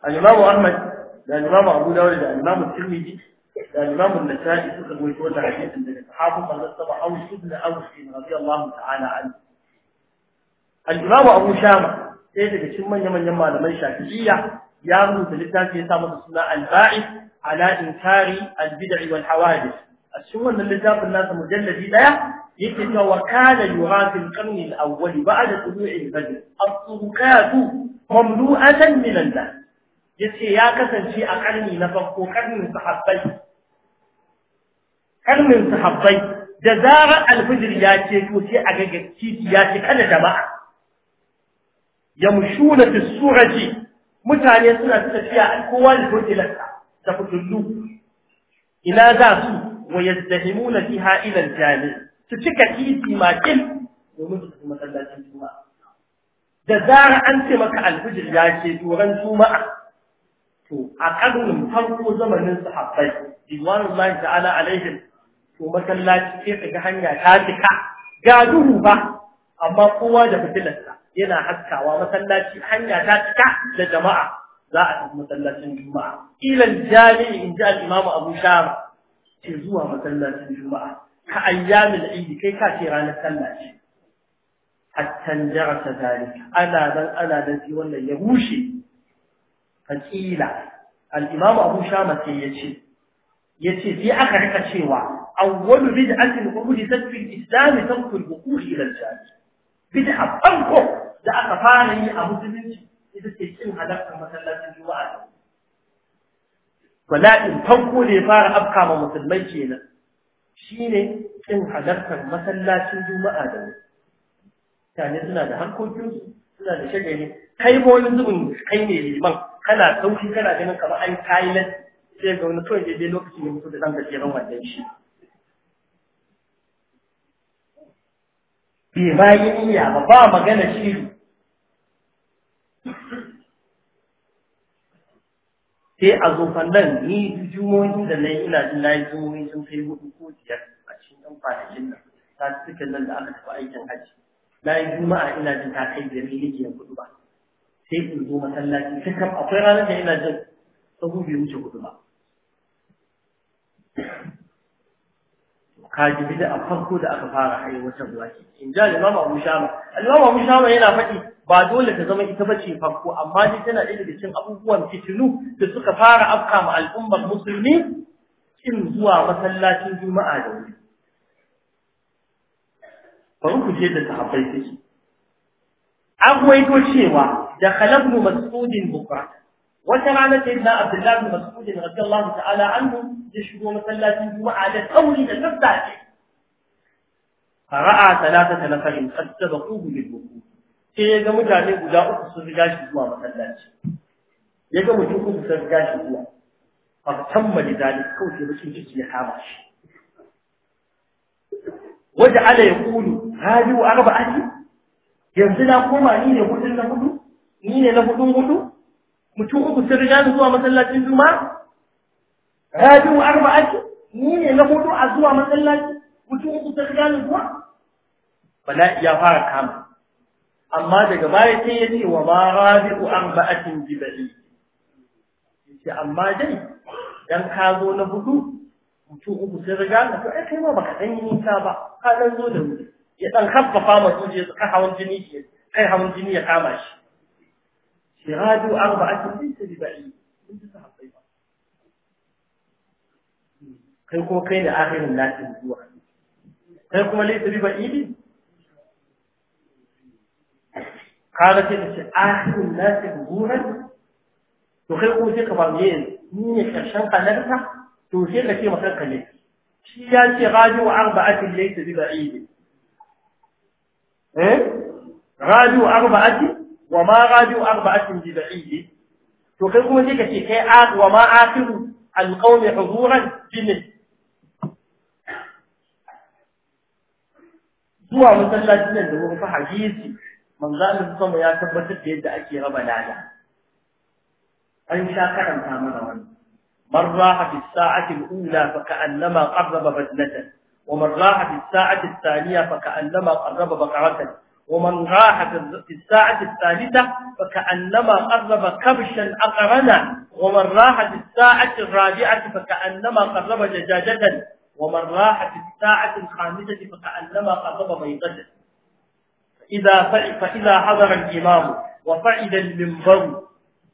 S1: الإمام Ahmed. الإمام أبو داود لأن الإمام الترمذي الإمام النسائي أخذ ويقول الحديث أن الصحابة قد أصبح أو ابن رضي الله تعالى عنه الإمام أبو شامة سيد الشيخ يمن يمن على من شافعية في الإسلام في إسلام الصلاة الباعث على إنكار البدع والحوادث السنة من الإسلام الناس مجلد لا يكتب وكان يغان في القرن الأول بعد طلوع الفجر الطرقات مملوءة من الناس Ya ce ya kasance a ƙarni na farko karnin sahabbai karnin sahabbai da zara alfijir ya ce to sai a ga titi ya ce kada jama'a Ya yamshuna fi ce. mutane suna tafiya an kowa da hotelarsa da fitullu ina za su wa yazdahimuna fiha ila aljami su cika titi makin domin su kuma masallacin juma'a da zara an ce maka alfijir ya ce duran juma'a to a ƙarnin farko zamanin sahabbai diwanullahi ana alaihim to masallaci sai kaga hanya ta cika ga duhu ba amma kowa da fitilarsa yana haskawa masallaci hanya ta cika da jama'a za a tafi masallacin juma'a ilal Jami in ji al-imam abu shama zuwa masallacin juma'a ka ayyamin idi kai ka ce ranar sallaci ce hatta jarata zalika ana dan ana dan wannan ya bushe. fakila al-imam abu shama sai yace yace sai aka rika cewa awwalu bid'atin uhdithat fil islam tarku al ila al-jahil bid'a farko da aka fara yi a musulunci ita ce cin halartar masallacin juma'a bala'in farko ne ya fara afka ma musulmai kenan shine cin halartar masallacin juma'a da wuri mutane suna da harkokin suna da shagali kai ma zubin kai ne liman kana sauki kana ganin kamar an kayi sai ga wani kawai daidai lokacin da mutu da gaske ran wannan shi. Bai ma yi iya ba ba magana shiru. Sai a zo nan ni jumoyin da na yi ina jin na yi jumoyin sun kai hudu ko biyar a cikin ɗan kwanakin nan. Ta cikin nan da aka tafi aikin hajji. Na yi juma'a ina jin ta kai da ne ke kudu ba. sai ku zo masallaci ta kam akwai ranar da ina jin sahu bai wuce hudu ba kaji bida a farko da aka fara aiwatarwa ke in ja limam abu shama limam abu shama yana faɗi ba dole ta zama ita bace farko amma dai tana ɗaya daga cikin abubuwan fitinu da suka fara afka ma al'ummar musulmi kin zuwa masallacin juma'a da wuri bari ku je da sahabbai take an waito cewa دخل ابن مسعود بكرة وسمعنا سيدنا عبد الله بن مسعود رضي الله تعالى عنه يشهد ومصلى في الجمعة على كونه فرأى ثلاثة نفر قد سبقوه بالبكور سيدنا يجمع جانب وجاء قصر رجاش بجمع مصلى يجمع جانب قصر رجاش بجمع فاغتم لذلك كوش بشي جسم حامش وجعل يقول هذه أربعة ينزل قوما إيه يقول لنا قلو ni ne na hudun hudu mutum uku sun riga zuwa masallacin juma rabi'u arba'ati ni ne na hudu a zuwa masallaci mutum uku sun riga zuwa Bala ya fara kama amma daga baya sai ya ce wa ma rabi'u arba'atin jibali yace amma dai dan ka zo na hudu mutum uku sun riga ka to ai kai ma baka dan yi nisa ba ka dan zo da wuri ya dan haffafa masu je ka hawan jini ke kai hawan jini ya kama shi shiraju arba'atin kai ko kai da akhirin lati zuwa kai kuma laysa bi ba'id kaga sai ta ce akhirin lati zuwa to kai kuma sai ka ba ni ne karshen to ka ce shi ya ce raju eh raju وما غادوا أربعة جبعيه تقولون لك في كي وما آخر القوم حضورا جنس زوا مثلا جنس هو مفاح جيزي من ظالم الصوم يا تبت بيد أكي ربا لعلا أن شاكرا تامنا وانا من راح في الساعة الأولى فكأنما قرب بدنة ومن راح في الساعة الثانية فكأنما قرب بقرة ومن راح في الساعة الثالثة فكأنما قرب كبشا أقرنا ومن راح في الساعة الرابعة فكأنما قرب دجاجة ومن راح في الساعة الخامسة فكأنما قرب بيضة فإذا, فإذا حضر الإمام وفعل المنبر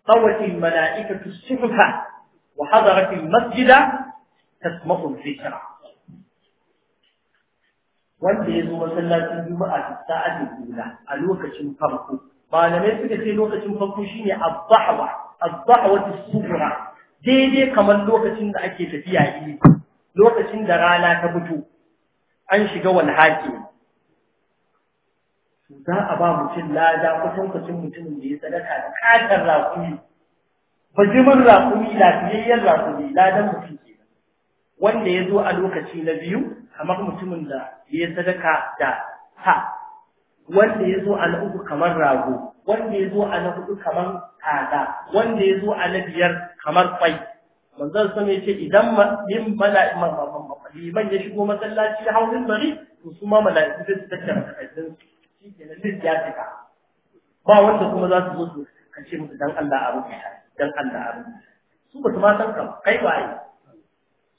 S1: طوت الملائكة السفحة وحضرت المسجد تسمع الذكرى wanda ya zo masallacin juma'a sa'adin kula a lokacin farko malamai suka ce lokacin farko shine abbahwa abbahwa tisura daidai kamar lokacin da ake tafiya yi lokacin da rana ta fito an shiga wani haki za a ba mutum lada kusan kusan mutumin da ya sadaka da katar rakumi bajimin rakumi lafiyayyen rakumi ladan mutum ke wanda ya zo a lokaci na biyu kamar mutumin da ya sadaka da ha wanda ya zo a na uku kamar rago wanda ya zo a na hudu kamar kaza wanda ya zo a na biyar kamar kwai manzon sami ya ce idan min mala'iman liman ya shigo masallaci da hau bari to su ma mala'iku da su tattara kaidin shi ke nan ya ka. ba wanda kuma za su zo su kace musu dan Allah a rubuta dan Allah a rubuta su ba su ma san kai waye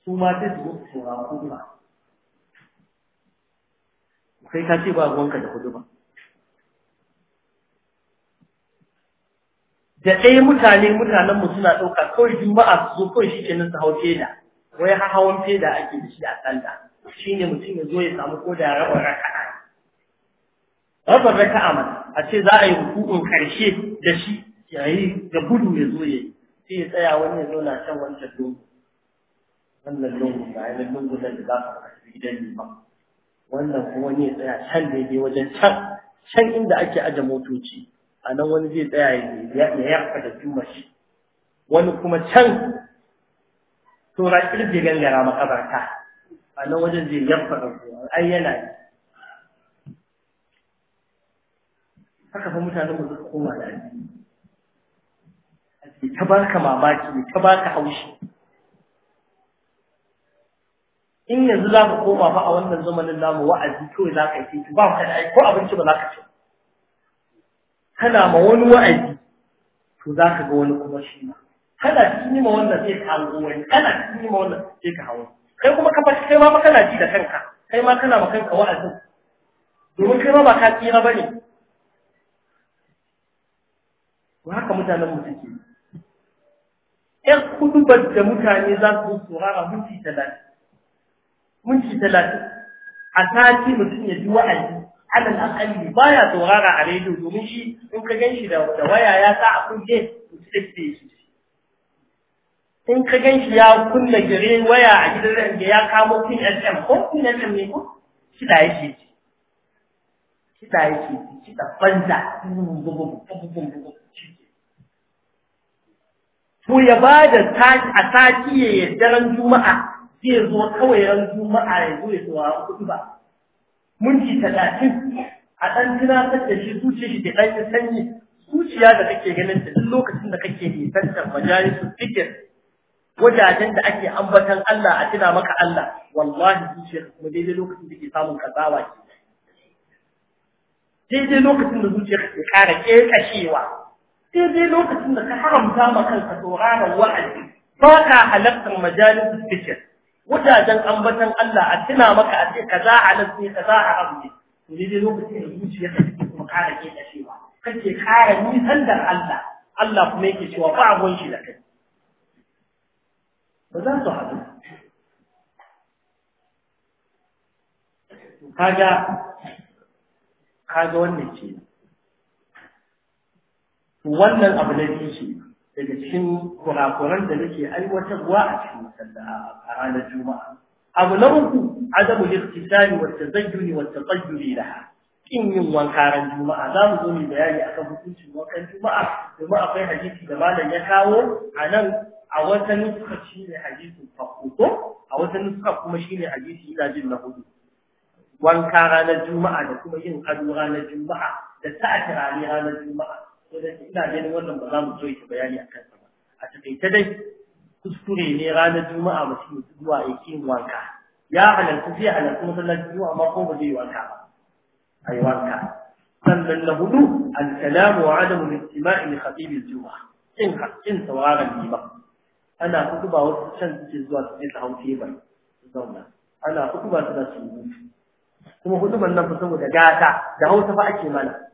S1: su ma sai su zo su tsora ku sai ka ce ba ruwanka da hudu ba da ɗaya mutane mutanen mu suna ɗauka kawai juma'a su zo kawai shi kenan su hau feda wai hawan feda ake da shi a Shi ne mutum ya zo ya samu ko da rabar raka'a rabin raka'a ma a ce za a yi hukukun karshe da shi yayi da gudu ya zo ya yi. sai ya tsaya wani ya zo na can wancan dogo wannan lungu ga yanar lungu da za su kashe gidan liman wannan kuma ne tsaya can daidai wajen can can inda ake aje motoci a nan wani zai tsaya ya yarfa da juma shi wani kuma can tora kirje gangara makabarta a nan wajen zai yarfa da juma ai yana yi haka fa mutanen mu suka koma da addini ta baka mamaki ta baka haushi in yanzu za mu koma fa a wannan zamanin namu wa'azi kawai za ka yi ba ka yi, ko abinci ba za ka ci kana ma wani wa'azi to za ka ga wani kuma shi ma kana cikin ma wannan sai ka hango wani kana cikin ma wannan sai ka hawo kai kuma ka fashi kai ma ba kana ji da kanka kai ma kana ma kanka wa'azin domin kai ma ba ka tsira ba ne? Ba haka mutanen mu suke ƴan kudubar da mutane za su yi saurara minti talatin minti talatin a sati mutum ya ji wa'azi alal ba ya saurara a rediyo domin shi in ka gan shi da waya ya sa a kunne to shi in ka gan shi ya kunna gare waya a gidan ran da ya kamo kun FM ko kun FM ne ko shi da yake shi da yake shi da banza ko ya bada a sati ya yadda juma'a zai zo kawai ran juma'a ya zo ya saurari kuɗi ba minti talatin a ɗan tunatar da shi zuciya shi da ɗan sanyi zuciya da kake ganin ta duk lokacin da kake nisantar majalisun fikir wajajen da ake ambatan Allah a tuna maka Allah wallahi zuciyar kuma daidai lokacin da ke samun kazawa ke daidai lokacin da zuciyar ke ƙara ƙeƙashewa daidai lokacin da ka haramta ma kanka sauraron wa'azi ba ka halartar majalisun fikir wajajen ambatan Allah a tuna maka a ce kaza halal ne kaza haram ne to ne dai lokacin da zuciya ta take kuma kara ke cewa kake kara nisan da Allah Allah kuma yake cewa ba abun shi da kai ba za su haɗu kaga kaga wannan ce wannan abu na biyu ce daga cikin kurakuran da nake aiwatarwa a cikin masallaci a ranar juma'a abu na uku adamu al-ikhtisami wa tazayyuni wa tatayyuri laha kin yin wanka ran juma'a za mu zo mu bayani akan hukuncin wankan juma'a domin akwai hadisi da malam ya kawo a nan a wata nuska ne hadisin farko a wata nuska kuma shine hadisi ina jin na hudu wanka ranar juma'a da kuma yin ado ranar juma'a da ta'ati ranar juma'a ina ganin wannan ba za mu so bayani a kansa ba a takaice dai kuskure ne ranar juma'a mutum ya zuwa ya ki wanka ya halarci zai halarci masallacin juma'a amma ko ba zai yi wanka ba a yi wanka sannan na hudu alkalamu wa adamu listima'i li khatibin juma'a in haƙƙin sauraron ne ba. ana ba wasu can suke zuwa su je su hau tebur su zauna ana hukuba suna su yi kuma huduban nan fa saboda gata da hausa fa ake mana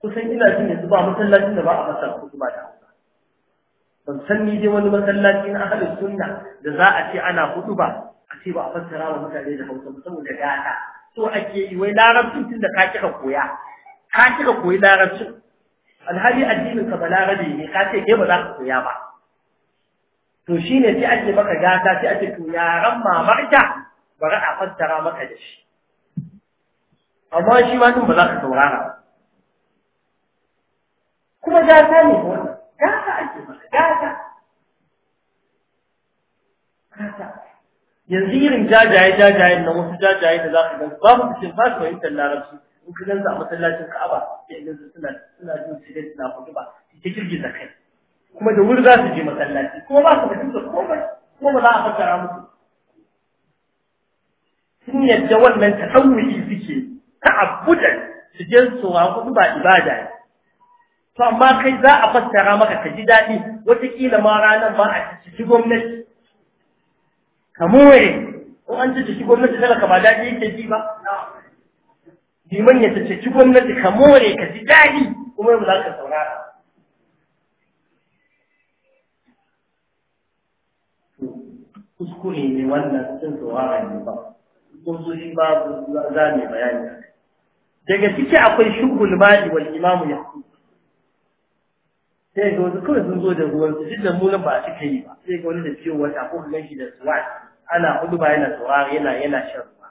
S1: kusan ina jin yanzu ba masallacin da ba a masa kudu ba da hausa ban san ni dai wani masallaci na ahalin sunna da za a ce ana hudu ba a ce ba a fassara wa mutane da hausa saboda gata so ake yi wai larabcin tun da ka kika koya ka kika koyi larabcin alhali addinin ka ba balarabe ne ka ce ke ba za ka koya ba to shine sai ake maka gata sai ake to yaran mamarta bari a fassara maka da shi amma shi ma din ba za ka saurara ba kuma ta ne wannan ta ake maka gata yanzu irin jajaye jajayen nan wasu jajaye da za ka gan babu cikin ba su fahimtar larabci in ka gan a masallacin ka'aba sai yanzu suna suna jin su dai suna kudu ba su ta girgiza kai kuma da wuri za su je masallaci kuma ba su fahimta komai kuma ba za a fassara musu sun yadda wannan ta tasawuri suke ta abudan su je su wa kudu ba ibada ne to amma kai za a fassara maka ka ji daɗi watakila ma ranar ma a ciki gwamnati ka more ko an ci ciki gwamnati ka ba daɗi yake ji ba liman ya ci gwamnati ka more ka ji daɗi kuma yau za ka saurara kuskure ne wannan sun saurara ne ba kun so shi babu za bayani daga ciki akwai shugul mali wal imamu yaqub sai ga wasu kawai sun zo da ruwan su duk da mulan ba a cika yi ba sai ga wani da ciwon wata ko kuma shi da suwa ana hudu ba yana tsorara yana yana shan ruwa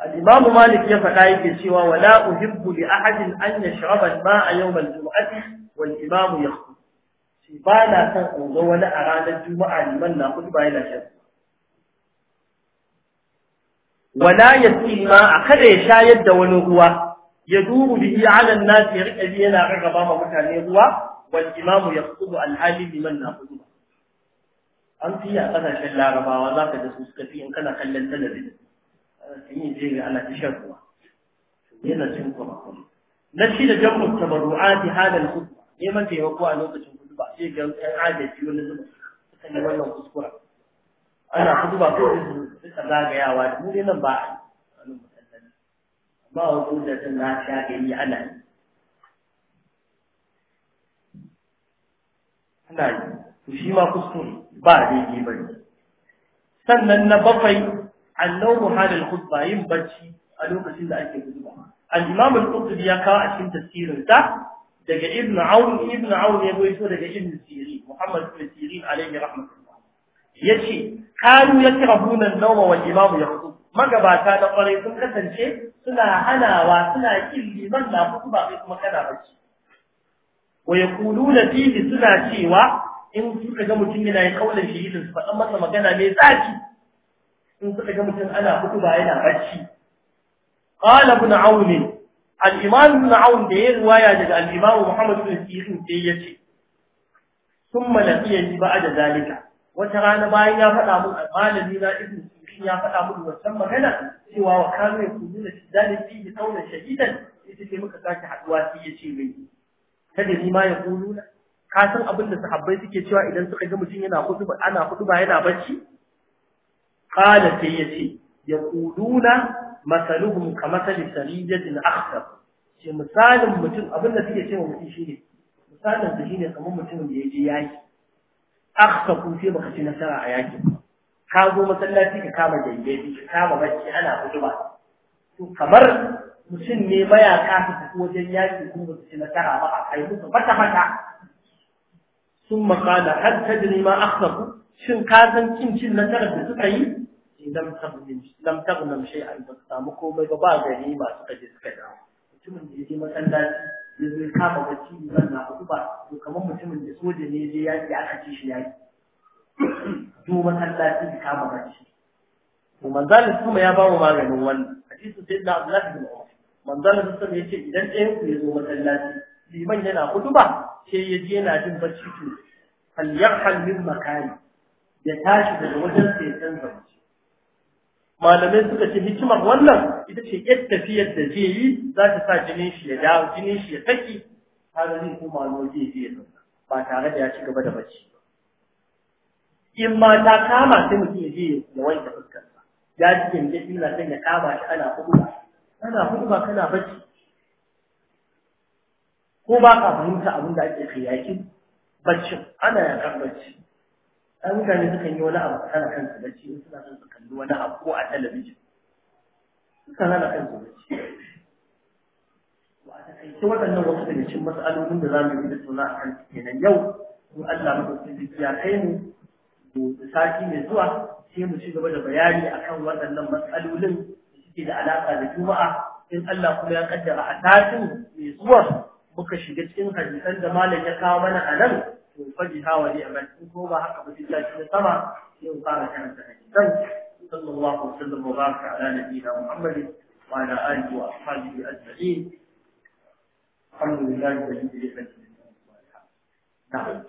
S1: al-imamu malik ya faɗa yake cewa wala uhibbu li ahadin an yashraba al-ma'a yawm al-jum'ati wal imamu yakhutub shi ba na san in ga wani a ranar juma'a liman na hudu ba yana shan ruwa wala yasqi ma'a kada ya shayar da wani ruwa ya duru bihi ala an-nas ya rika bi yana rarraba ma mutane ruwa wal imamu yaqtubu al-hali liman naqulu an fi a kasashen larabawa za ka da su suka fi in kana kallon talabijin sun yi jeri ana ta shan ruwa yana cin kuma na shi da jamus tabarru'ati halal hudba neman taimako a lokacin hudba sai ga ɗan adadi wani zuba suka yi wannan kuskura ana ba ko su suka zagayawa mu dai nan ba a yi موجودة ما شاكل يعلم نعم وشي ما قصر بعد يجيبني سنة النبطي عن نوم حال الخطبة ينبجي ألوك سيدة أجل الخطبة الإمام القطب يكا أشم تسير انت دقى ابن عون ابن عون يقول يسوى دقى ابن السيرين محمد بن السيرين عليه رحمة الله يشي كانوا يكرهون النوم والإمام يخطب magabata na kwarai sun kasance suna hanawa suna kin liman na hutu ba kai kuma kana ce wa yaquluna fihi suna cewa in suka ga mutum yana yin kaulan shahidin su faɗan masa magana mai tsaki in suka ga mutum ana hutu ba yana bacci qala ibn aun al-imam ibn aun da ya riwaya daga al-imam muhammad ibn sirin sai yace ثم لقيه بعد ذلك wata rana bayan ya faɗa mun malami na ibn sufyan ya faɗa mun wannan magana cewa wa da yakununa tijalin fihi tauna shahidan ita ce muka saki haduwa sai ya ce mai kada ni ma ya na ka san abin da sahabbai suke cewa idan suka ga mutum yana kudu ana kudu ba yana bacci qala sai ya ce ya kuluna masaluhum kamasali sarijatin akhtar ce misalin mutum abin da suke cewa mutum shine misalin da shine kamar mutumin da ya je yaki akhsaku sai baka ci nasara a yakin ka zo masallaci ka kama gayyabi ka kama bacci ana huduma to kamar mutum ne mayaka su tafi wajen yaki ko ba su ci nasara ba a kai musu fata fata sun makana har ta jini ma akhsaku shin ka san cin cin nasarar da suka yi idan eh, lam tagnam shay'an ba samu komai ba ba gari ma suka je suka dawo mutumin da ya je masallaci ya zai kama wakili ban na hudu ba to kamar mutumin da soja ne je yaki aka ci shi yaki duban Allah kama bacci to manzalin kuma ya ba mu maganin wannan hadisin sai da Abdullahi da Umar manzalin sun ce, idan ɗayan ku ya zo masallaci liman yana ba sai ya je yana jin bacci to falyarhal min makari ya tashi daga wajen sai ya canza malamai suka ce hikimar wannan ita ce yadda tafiyar da zai yi za ta sa jinin shi ya dawo jinin shi ya saki har zai ko malamai zai je ba tare da ya ci gaba da bacci in ma ta kama sai mutum ya je ya wanke fuskar sa ya ji yanke illa sai ya kama shi ana hudba kana hudba kana bacci ko ba ka fahimta abin da ake kiyakin baccin ana yakan bacci an mutane suka yi wani abu kana kansu bacci in suna son su kalli wani abu ko a talabijin suka hana kansu bacci wa a takaice waɗannan wasu daga cikin mas'alolin da za mu yi da suna a kansu kenan yau in Allah madaukakin ya kai mu gobe sati mai zuwa sai mu ci gaba da bayani akan waɗannan masalolin da suke da alaƙa da juma'a in Allah kuma ya kaddara a satin mai zuwa muka shiga cikin hadisan da malam ya kawo mana a nan to fajiha wa ni'mat in ko ba haka ba sai ta ci sama yau in fara karanta hadisan sallallahu alaihi wasallam wa baraka ala nabiyina muhammadin wa ala alihi wa ashabihi ajma'in alhamdulillah rabbil alamin نعم.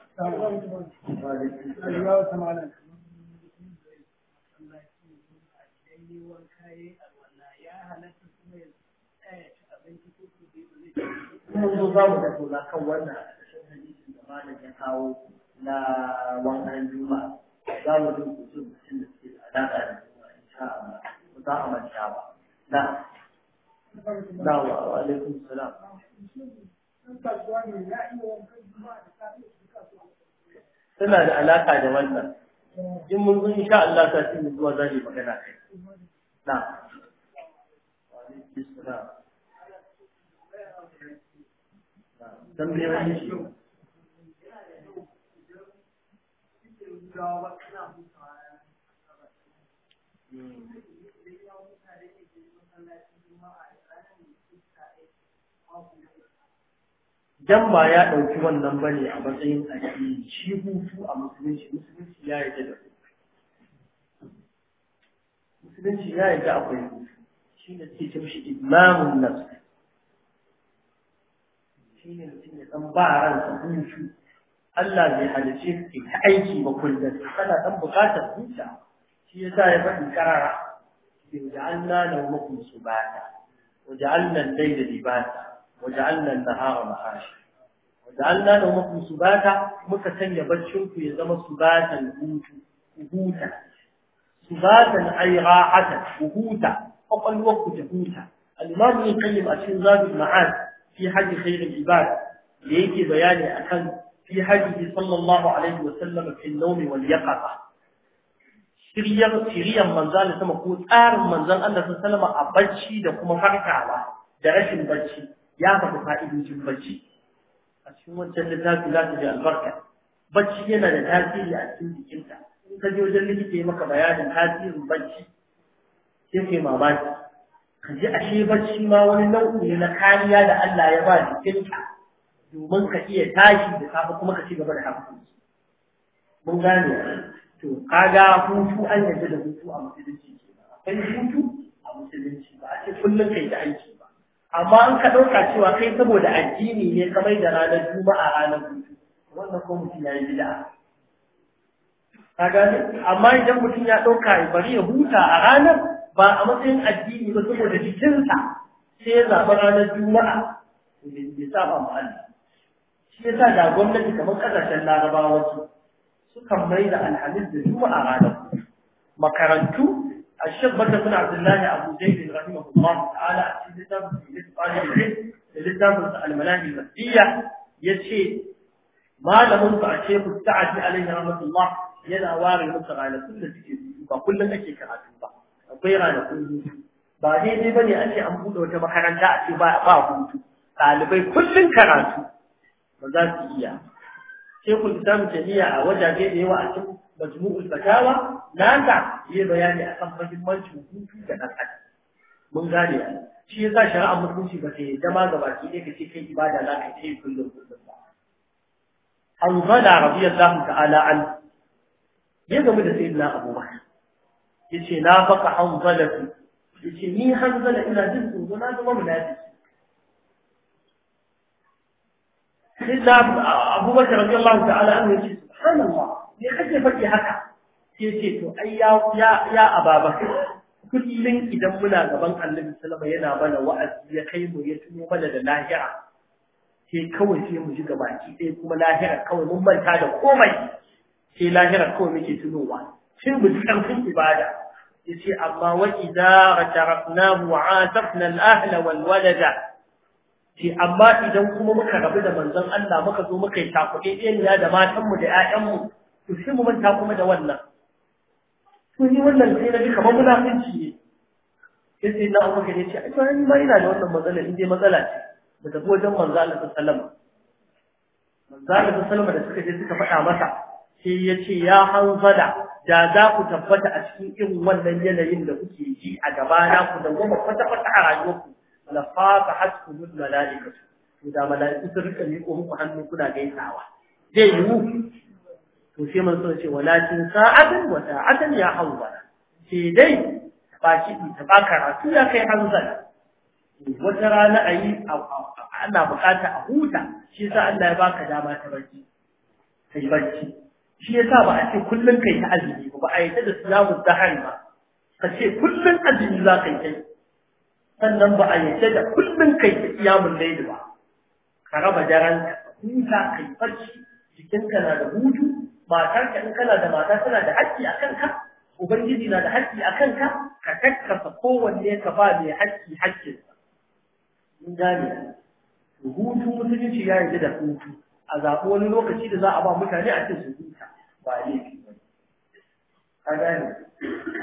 S1: منذ ضربة لك ولا malam ya kawo na wannan juma'a za mu rubuta mutum da suke da alaƙa da juma'a sha Allah ba za a manta ba na na wa alaikum suna da alaƙa da wannan in mun zo insha Allah ta cikin zuwa za mu magana kai na tambayoyin shi hutawa dan ba ya ɗauki wannan ba ne a matsayin addini shi hutu a musulunci musulunci ya yi da musulunci ya yi ta akwai hutu shi ne ke ce mishi imamun nasu. shi ne mutum ya ɗan ba ransa hutu Allah bai halice ki ta aiki ba kullum kana dan bukatar huta shi yasa ya faɗi karara yaj'alna nawmakum subata waj'alna al da libata waj'alna an-nahara ma'asha waj'alna nawmakum subata muka sanya barcin ku ya zama subatan hutu huta subatan ai ra'atan huta kwakwalwar ku ta huta al-imam ibn qayyim a cikin zabi ma'ad fi hajji khairul ibad da yake bayani akan في هذه صلى الله عليه وسلم في النوم واليقظة shiriyar shiriyar manzan da sama ko tsarin manzan Allah sun salama a bacci da kuma farkawa da rashin barci ya faɗi fa'idojin barci a cikin wancan littafi za ta ji albarka barci yana da tasiri a cikin bikinta. in ka wajen likita ya maka bayanin tasirin barci sai kai mamaki ka ji ashe barci ma wani nau'i ne na kaniya da Allah ya ba jikinka domin ka iya tashi da safe kuma ka ci gaba da haka mun gane to kaga hutu an yanzu da hutu a musulunci akwai hutu a musulunci ba a ce kullum kai da aiki ba amma an ka ɗauka cewa kai saboda addini ne kamar da ranar juma'a ranar hutu wannan ko mutum ya yi bid'a ka gane amma idan mutum ya ɗauka bari ya huta a ranar ba a matsayin addini ba saboda jikinsa sai ya zaɓi ranar juma'a bai saba mu Allah shi yasa da gwamnati kamar kasashen larabawa su sukan mai da alhamis da juma'a ranar makarantu a shek bata suna abdullahi abu zaidin rahimahullah ta'ala a cikin littafin littafin da littafin sa almanahi rasiyya ya ce malamin su a shehu sa'adi alaihi rahmatullah yana ware musu ranakun da suke ba kullum ake karatu ba akwai ranakun ba daidai ba ne a ce an buɗe wata makaranta a ce ba hutu ɗalibai kullum karatu ba za su iya shekul islam jami'a a wajaje da yawa a cikin majmu'ul fatawa nasa yi bayani akan mahimmancin hutu da ɗan adam mun gane shi ya sa shari'ar musulunci ba ta yadda ma ne ɗaya kace kai ibada za ka yi kullum kullum ba an zala radiyallahu ta'ala an ya gamu da sayyidina Ya ce na baka Ya ce ni hanzala ina jin tsoro na zama munafiki سيدنا أبو بكر رضي الله تعالى subhanallah يقول me kake faɗi haka sai ce to ai ya ya Aba kullun idan muna gaban Annabi sallallahu yana mana wa'azi ya kai mu ya tuno mana da lahira sai kawai sai mu ji gabaki ɗaya kuma lahira kawai mun manta da komai sai lahira kawai muke tunowa sai mu ji ibada yace amma wa idza rataraknahu wa asafna al-ahla wal walada ce amma idan kuma muka rabu da manzon Allah muka zo muka yi takuɗe ɗaya da matanmu da ‘ya'yanmu to sai mu manta kuma da wannan to ni wannan sai na ji kamar munafunci ne sai sai na abu kai ce ai ba ni ma yana da wannan matsala in dai matsala ce mu tafi wajen manzo Allah sallallahu alaihi wasallam manzo Allah da suka je suka faɗa masa sai ya ce ya hanzala da za ku tabbata a cikin irin wannan yanayin da kuke ji a gaba na ku da goma kwata-kwata a rayuwarku lafafa hasbul malaikatu to da malaiku sun rika miƙo muku hannu kuna gaisawa zai yiwu to sai man ce walakin sa'atan wa sa'atan ya hawwa sai dai ba shi ta ba karatu ya kai hanzala wata rana ayi ana bukata a huta shi yasa Allah ya baka dama ta barci kai barci shi yasa ba a ce kullun kai ta azumi ba ba a yi ta da siyamu hari ba ka ce kullun azumi za ka yi sannan ba a yadda da kullum kai ta kiyamun laili ba ka raba daren ka huta kai farci jikinka na da hutu ka in kana da mata tana da haƙƙi a kanka ubangiji na da haƙƙi a kanka ka kakkasa kowanne ka ba mai haƙƙi haƙƙinsa mun gane hutu musulunci ya yi da hutu a zaɓi wani lokaci da za a ba mutane a cikin su ba laifi ba ka gane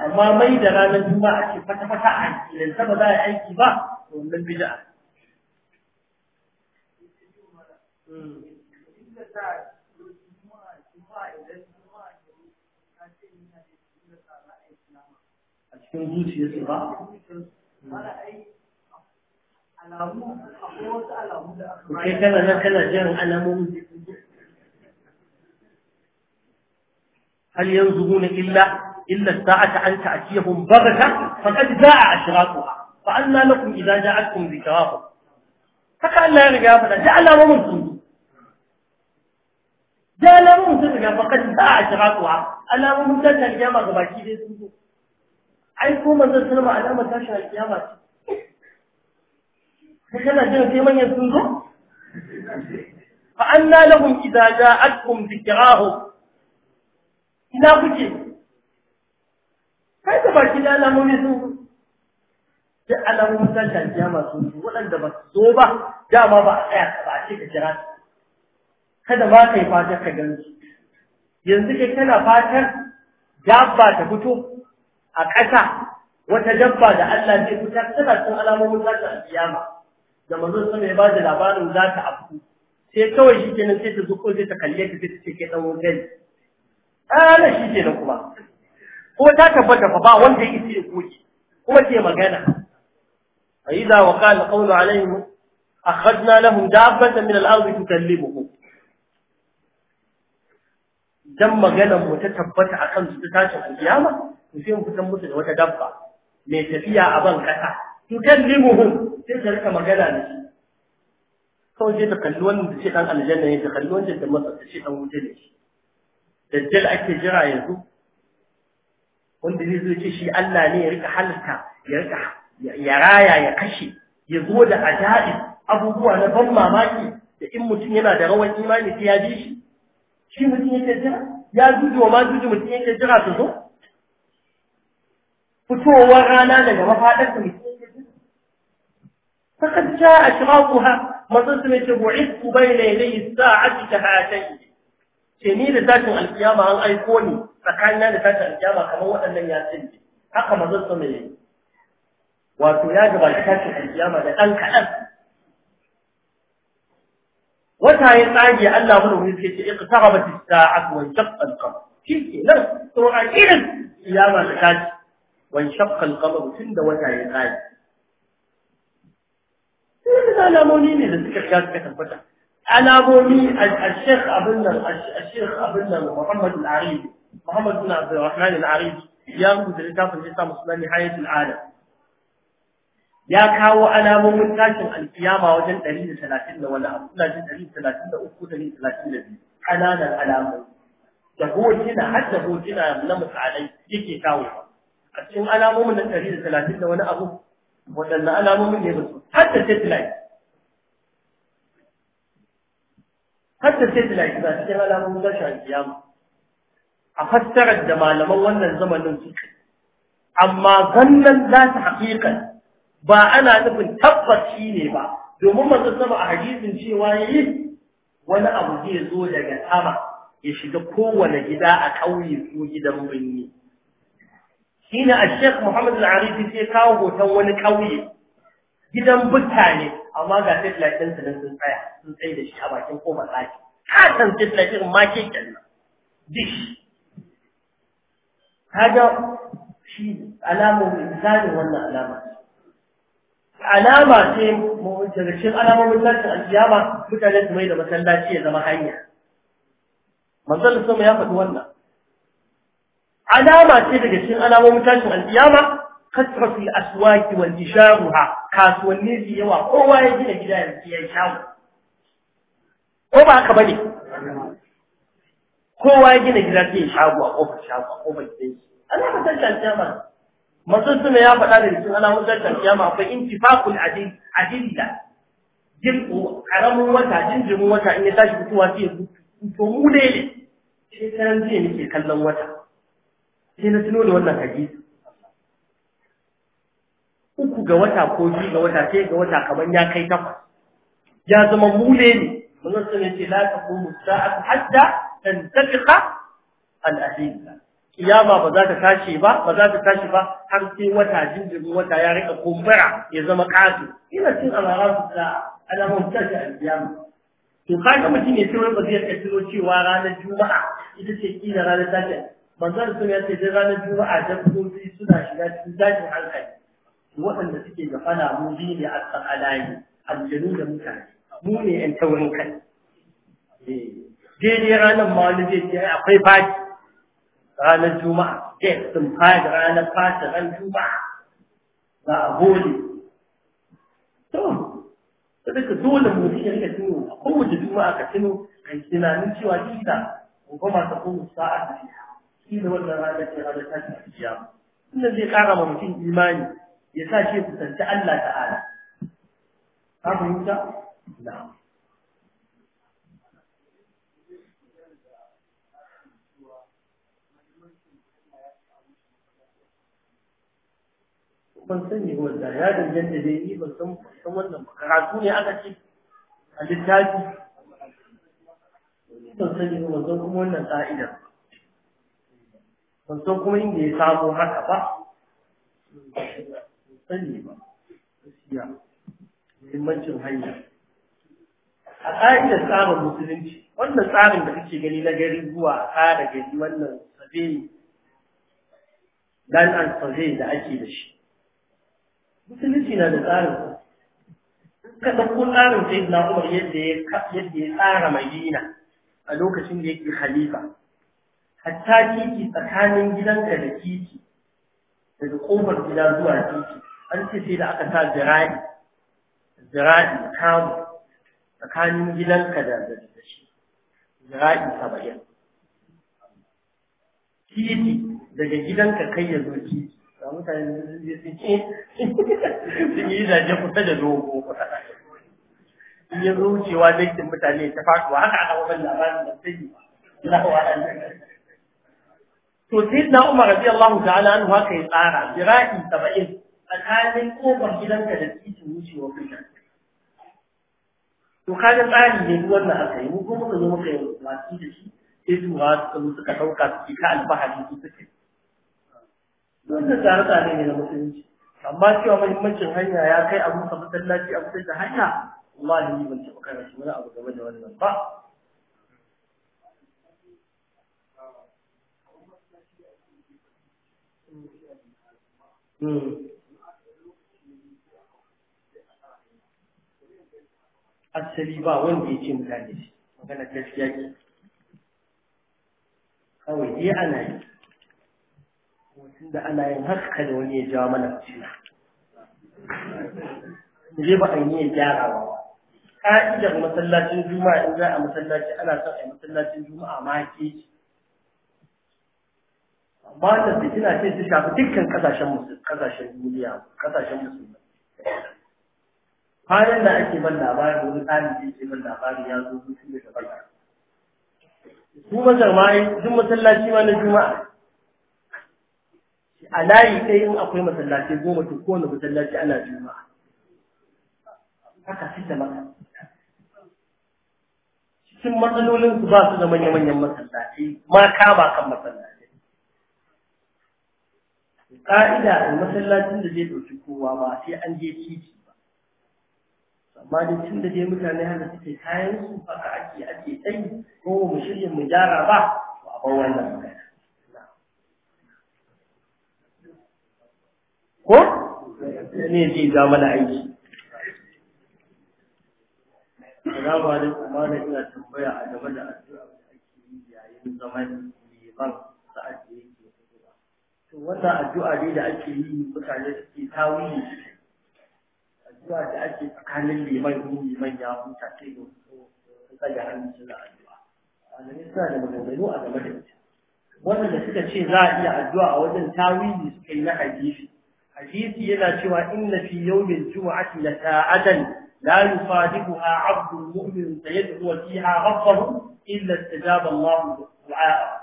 S1: amma mai da ranar juma'a ke fata fata a aiki ba za a yi aiki ba to wannan bid'a a cikin zuciyarsu ba kai kana nan kana jiran alamomin hal yanzu illa إلا الساعة أن تأتيهم بغتة فقد جاء أشراطها فأنا لكم إذا جاءتكم ذكراهم haka Allah ya riga faɗa da alamomin sun zo da alamomin sun riga faɗa da a shiga kuwa alamomin tashin alkiyama ga baki dai sun ai ko manzo sun ma alamar tashin alkiyama ce sai kana jin sai manyan sun zo fa anna lahum idza ja'atkum dhikrahum ina kuke kai ka baki da alamomi sun da alamomin tashin kiyama sun su waɗanda ba su zo ba dama ba a tsaya ka ba a ce ka kira su kada ba ka yi fatar ka gan su yanzu kai kana fatar dabba ta fito a ƙasa wata dabba da Allah zai fitar tana cikin alamomin tashin kiyama da manzon sama ya ba da labarin za ta afku sai kawai shi kenan sai ta zuko sai ta kalle ta sai ta ce ke dan gani ana shi kenan kuma kuma ta tabbata fa ba wanda ya isa ya goge kuma ce magana fa idza wa qala qawlu alaihim akhadna lahum dabbatan min al-ard tukallimuhum dan magana mu ta tabbata akan su ta tashi kiyama to sai mu fitan musu da wata dabba mai tafiya a ban kasa tukallimuhum sai ta rika magana da shi kawai sai ta kalli wannan da ce dan aljanna ne ta kalli wannan da masa ta ce dan wuce ne dajjal ake jira yanzu wanda zai zo ce shi Allah ne ya rika halitta ya rika ya raya ya kashe ya zo da ajaib abubuwa na ban mamaki da in mutum yana da rawan imani sai ya ji shi shi mutum yake jira ya juju wa ma juju mutum yake jira su zo fitowar rana daga mafaɗar mutum yake jira فقد جاء أشراطها مصدمة بعثت بين يدي الساعة كهاتين ce ni da tashin alkiyama an aiko ni tsakanina da tashin alkiyama kamar waɗannan yasin ne haka mazan sama yayi wato ya gabata tashin alkiyama da ɗan kaɗan wata ya tsage Allah mana wuri sai ce iqtarabat as-sa'atu wa shaqqa al-qamar shi ke nan to a irin kiyama da tashi wa shaqqa al-qamar tunda wata ya tsage Sai da alamoni ne da suka shiga suka tabbata alamomi a sheikh abin nan al-Sheikh abin nan Muhammad al-Aribi Muhammad bin Abdul al-Aribi ya rubuta littafin da samu sunan Nihayatul Alam ya kawo alamomin tashin alkiyama wajen 130 da wani abu suna jin 133 132 kananan alamomi da hotuna har da hotuna na misalai yake kawo a cikin alamomin na 130 da wani abu waɗannan alamomin ne ba su har da satellite hadda sai da isa cikin alamun tashi alkiyama a fassarar da malaman wannan zamanin suka amma gannan za ta haƙiƙan ba ana nufin tabbas shi ne ba domin masu sama a hadisin cewa ya yi wani abu zai zo daga sama ya shiga kowane gida a ƙauye ko gidan birni shine a sheikh muhammad al-arifi sai kawo hoton wani ƙauye gidan mutane. amma ga sai ɗin su sun tsaya sun tsaye da shi a bakin tsaki. ɗaki katon sai ɗin ma ke kenan dish kaga shi alamun misalin wannan alama alama ce daga cikin alamomin tashin alkiyama mutane su mai da masallaci ya zama hanya masallaci sama ya faɗi wannan alama ce daga cikin alamomin tashin alkiyama katrafi aswaki wal tijaruha kasuwanni da yawa kowa ya gina gida ya ci yan shawo ko ba haka bane kowa ya gina gida ya shago a kofar shago a kofar gidan shi ana ba san shan kiyama masu ya faɗa da cikin ana wutar shan kiyama akwai intifakul adilla jin karamin wata jin jimin wata in ya tashi fitowa sai ya zuci to mu dai ne sai karan jiya nake kallon wata sai na tuno da wannan hadisi uku ga wata ko biyu ga wata sai ga wata kamar ya kai takwas ya zama mule ne manzon sun yace la taqumu sa'atu hatta tantafiqa al-ahilla kiyama ba za ta tashi ba ba za ta tashi ba har sai wata jinjin wata ya rika kumbura ya zama kafi ina cin alaratu da alamun tashi al-kiyama to kaga mutum ne sai ba zai kaddaro cewa ranar juma'a ita ce kila ranar tashi manzon sun yace dai ranar juma'a dabbobi suna shiga cikin tashin hankali waɗanda suke gafana mu bi ne a tsakalani aljanu da mutane mu ne yan taurin kai eh, daidai ranar ma wani zai ce akwai fati ranar juma'a yes sun faɗi ranar fati ran juma'a za a hole to da duka dole mu fi rika tuno a kowace juma'a ka tuno kai tunanin cewa kila gobe kuma ta kowace sa'a da ne wannan ranar ce ranar tashi a kiyama Ina zai kara ma mutum imani ya sa shi kusanci Allah ta'ala ka fahimta na'am ban sani wanda ya danganta da yi ban san san wannan karatu ne aka ce a littafi ban sani ban san kuma wannan ka'ida ban san kuma inda ya samu haka ba sani ba gaskiya muhimmancin hanya a ƙa'idar tsarin musulunci wannan tsarin da kake gani na gari zuwa a ƙara gari wannan sabe dan an sabe da ake da shi musulunci na da tsarin ka ɗauko tsarin sai na umar yadda ya tsara madina a lokacin da yake khalifa hatta titi tsakanin gidanka da titi daga kofar gida zuwa titi an ce sai da aka sa zira'i zira'i kamu tsakanin gidanka da da shi zira'i saba'in titi daga gidanka kai ya zo titi ga mutane sun ce sun yi zaje kusa da dogo kusa in ya zo wucewa daikin mutane ta faɗuwa haka aka wannan labarin da sai na waɗannan to sai na Umar radiyallahu ta'ala an haka ya tsara jira'i saba'in tsakanin kofar gidanka da titin wucewa kusa to ga tsari ne duk wannan aka yi mu kuma muka zo muka yi watsi da shi sai tura suka zo suka ɗauka su ka alfahari su suka yi wannan tsare-tsare ne na musulunci amma cewa muhimmancin hanya ya kai abu ka masallaci a kusa da hanya wallahi ni ban taɓa shi wani abu game da wannan ba Mm. asali ba wanda ya ce mutane shi magana gaskiya ke kawai dai ana yi hotun da ana yin haka da wani ya jawo mana fitina je ba a yi ya gyara ba ka'idar masallacin juma'a in za a masallaci ana son a yi masallacin juma'a ma ke amma da fitina ce su shafi dukkan kasashen musulmi kasashen duniya kasashen musulmi kwanan da ake ban labari wani da ke ban labari ya zo hutu daga baya su mazarmaye duk masallaci ma na juma'a a layi ɗaya in akwai masallaci goma to kowane masallaci ana juma'a haka fi da maka cikin matsalolin su ba su da manya-manyan masallaci ma kama kan masallaci Ka'ida a masallacin da zai ɗauki kowa ba sai an je titi amma da tun da dai mutane haka suke kayan su haka ake ake tsayi ko mu shirya mu gyara ba to a bar wannan magana ko ne zai ja mana aiki Salamu alaikum ma ina tambaya a game da addu'a da ake yi yayin zaman liman sa'ad da yake To wannan addu'a dai da ake yi mutane suke tawili zuwa da ake tsakanin liman in liman ya huta sai da su tsaga hannun suna addu'a malamai suna da maganganu a game da ita wanda suka ce za a iya addu'a a wajen tawili suka yi na hadisi hadisi yana cewa inna fi yawmin jumu'ati la sa'atan la yufadihuha 'abdun mu'min sayad'u fiha rabbahu illa istajaba Allahu du'a'ahu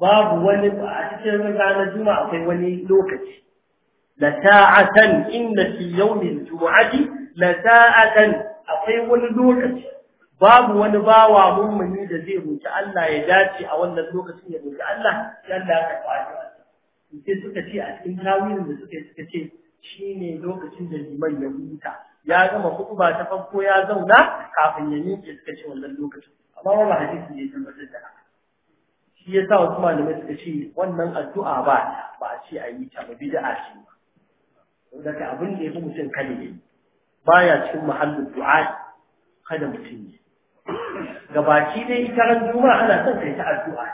S1: babu wani a cikin ranar juma'a akwai wani lokaci lata'atan inna fi yawmil jum'ati lata'atan akwai wani lokaci babu wani bawa mummuni da zai huta Allah ya dace a wannan lokacin ya huta Allah ya Allah ka fara sai suka ce a cikin tawilin da suka suka ce shine lokacin da liman ya huta ya gama khutba ta farko ya zauna kafin ya nike suka ce wannan lokacin amma wannan hadisi ne da mutum da shi ya sa Usman da suka ce wannan addu'a ba ba ce a yi ta bid'a ce ba daga abin da ya fi mutum kada ne baya cikin mahallin du'a kada mutum ne gabaki dai ita ran juma ana son kai ta addu'a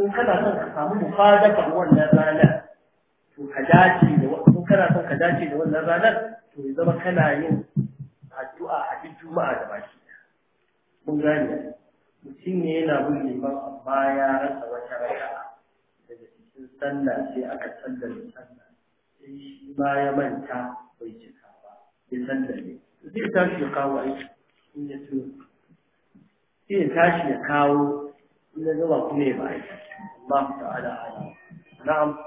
S1: in kana son ka samu mufadaka wannan ranar to ka dace da wannan kana son ka dace da wannan ranar to ya zama kana yin addu'a a duk juma'a da baki mun gane mutum ne yana bin liman amma ya rasa wata raka'a daga cikin sallah sai aka sallar sallah sai shi ma ya manta bai cika ba ya san da ne zai tashi ya kawo aiki in ya tuno sai ya tashi ya kawo in ya gaba kuma ya ba aiki
S2: Allah ta'ala ala na'am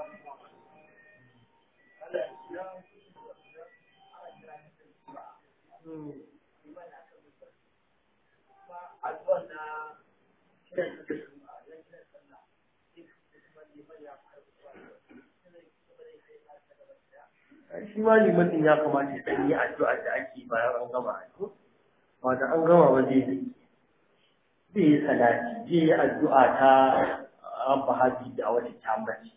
S1: Thank hmm. you. shi ma liman din ya kamata ya ɗanyi addu'a da ake bayan an gama addu'a ba da an gama ba zai zai yi salati zai yi addu'a ta Abba habi da wata tambaci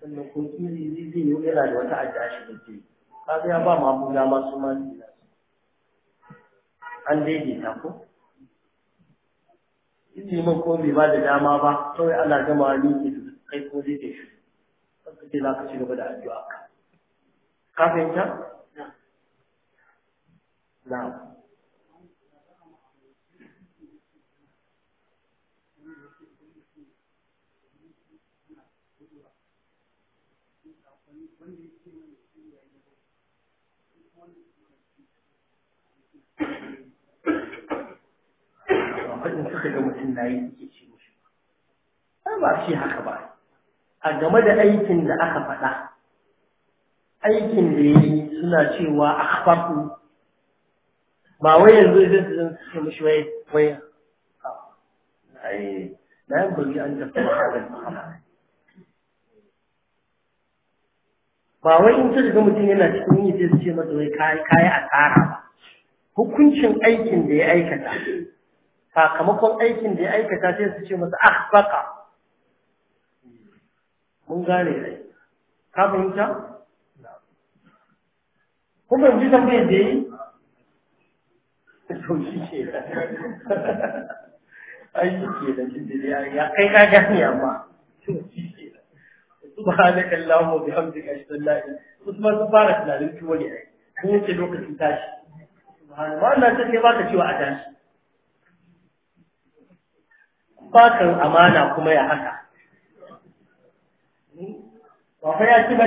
S1: sannan ko kiri zai zai yi yana da wata addu'a shi da zai kaga ya ba ma abuja ma su ma an daidaita ko liman ko bai ba da dama ba kawai ana gama ni ke kai ko zai ke shi sai za ka ci gaba da addu'a Kafinta. na ba shi haka ba a game da aikin da aka faɗa aikin da yi suna cewa akhfaku ba wai yanzu idan su zan suke mashi wai wai na yi burgi an tafi ba wai in ta ga mutum yana cikin yi zai ce masa wai kayi a tsara ba hukuncin aikin da ya aikata sakamakon aikin da ya aikata sai su ce masa ahbaka. mun gane ai ka fahimta kuma yanzu tambayar da yi ke ai ke da ya kai ka gani amma to shi ke kalla allahumma bihamdika ashhadu an la ilaha illa anta astaghfiruka fara tunanin tuwo ne kun ce lokacin tashi ta ce a tashi bakan amana kuma ya haka ba ya ci ba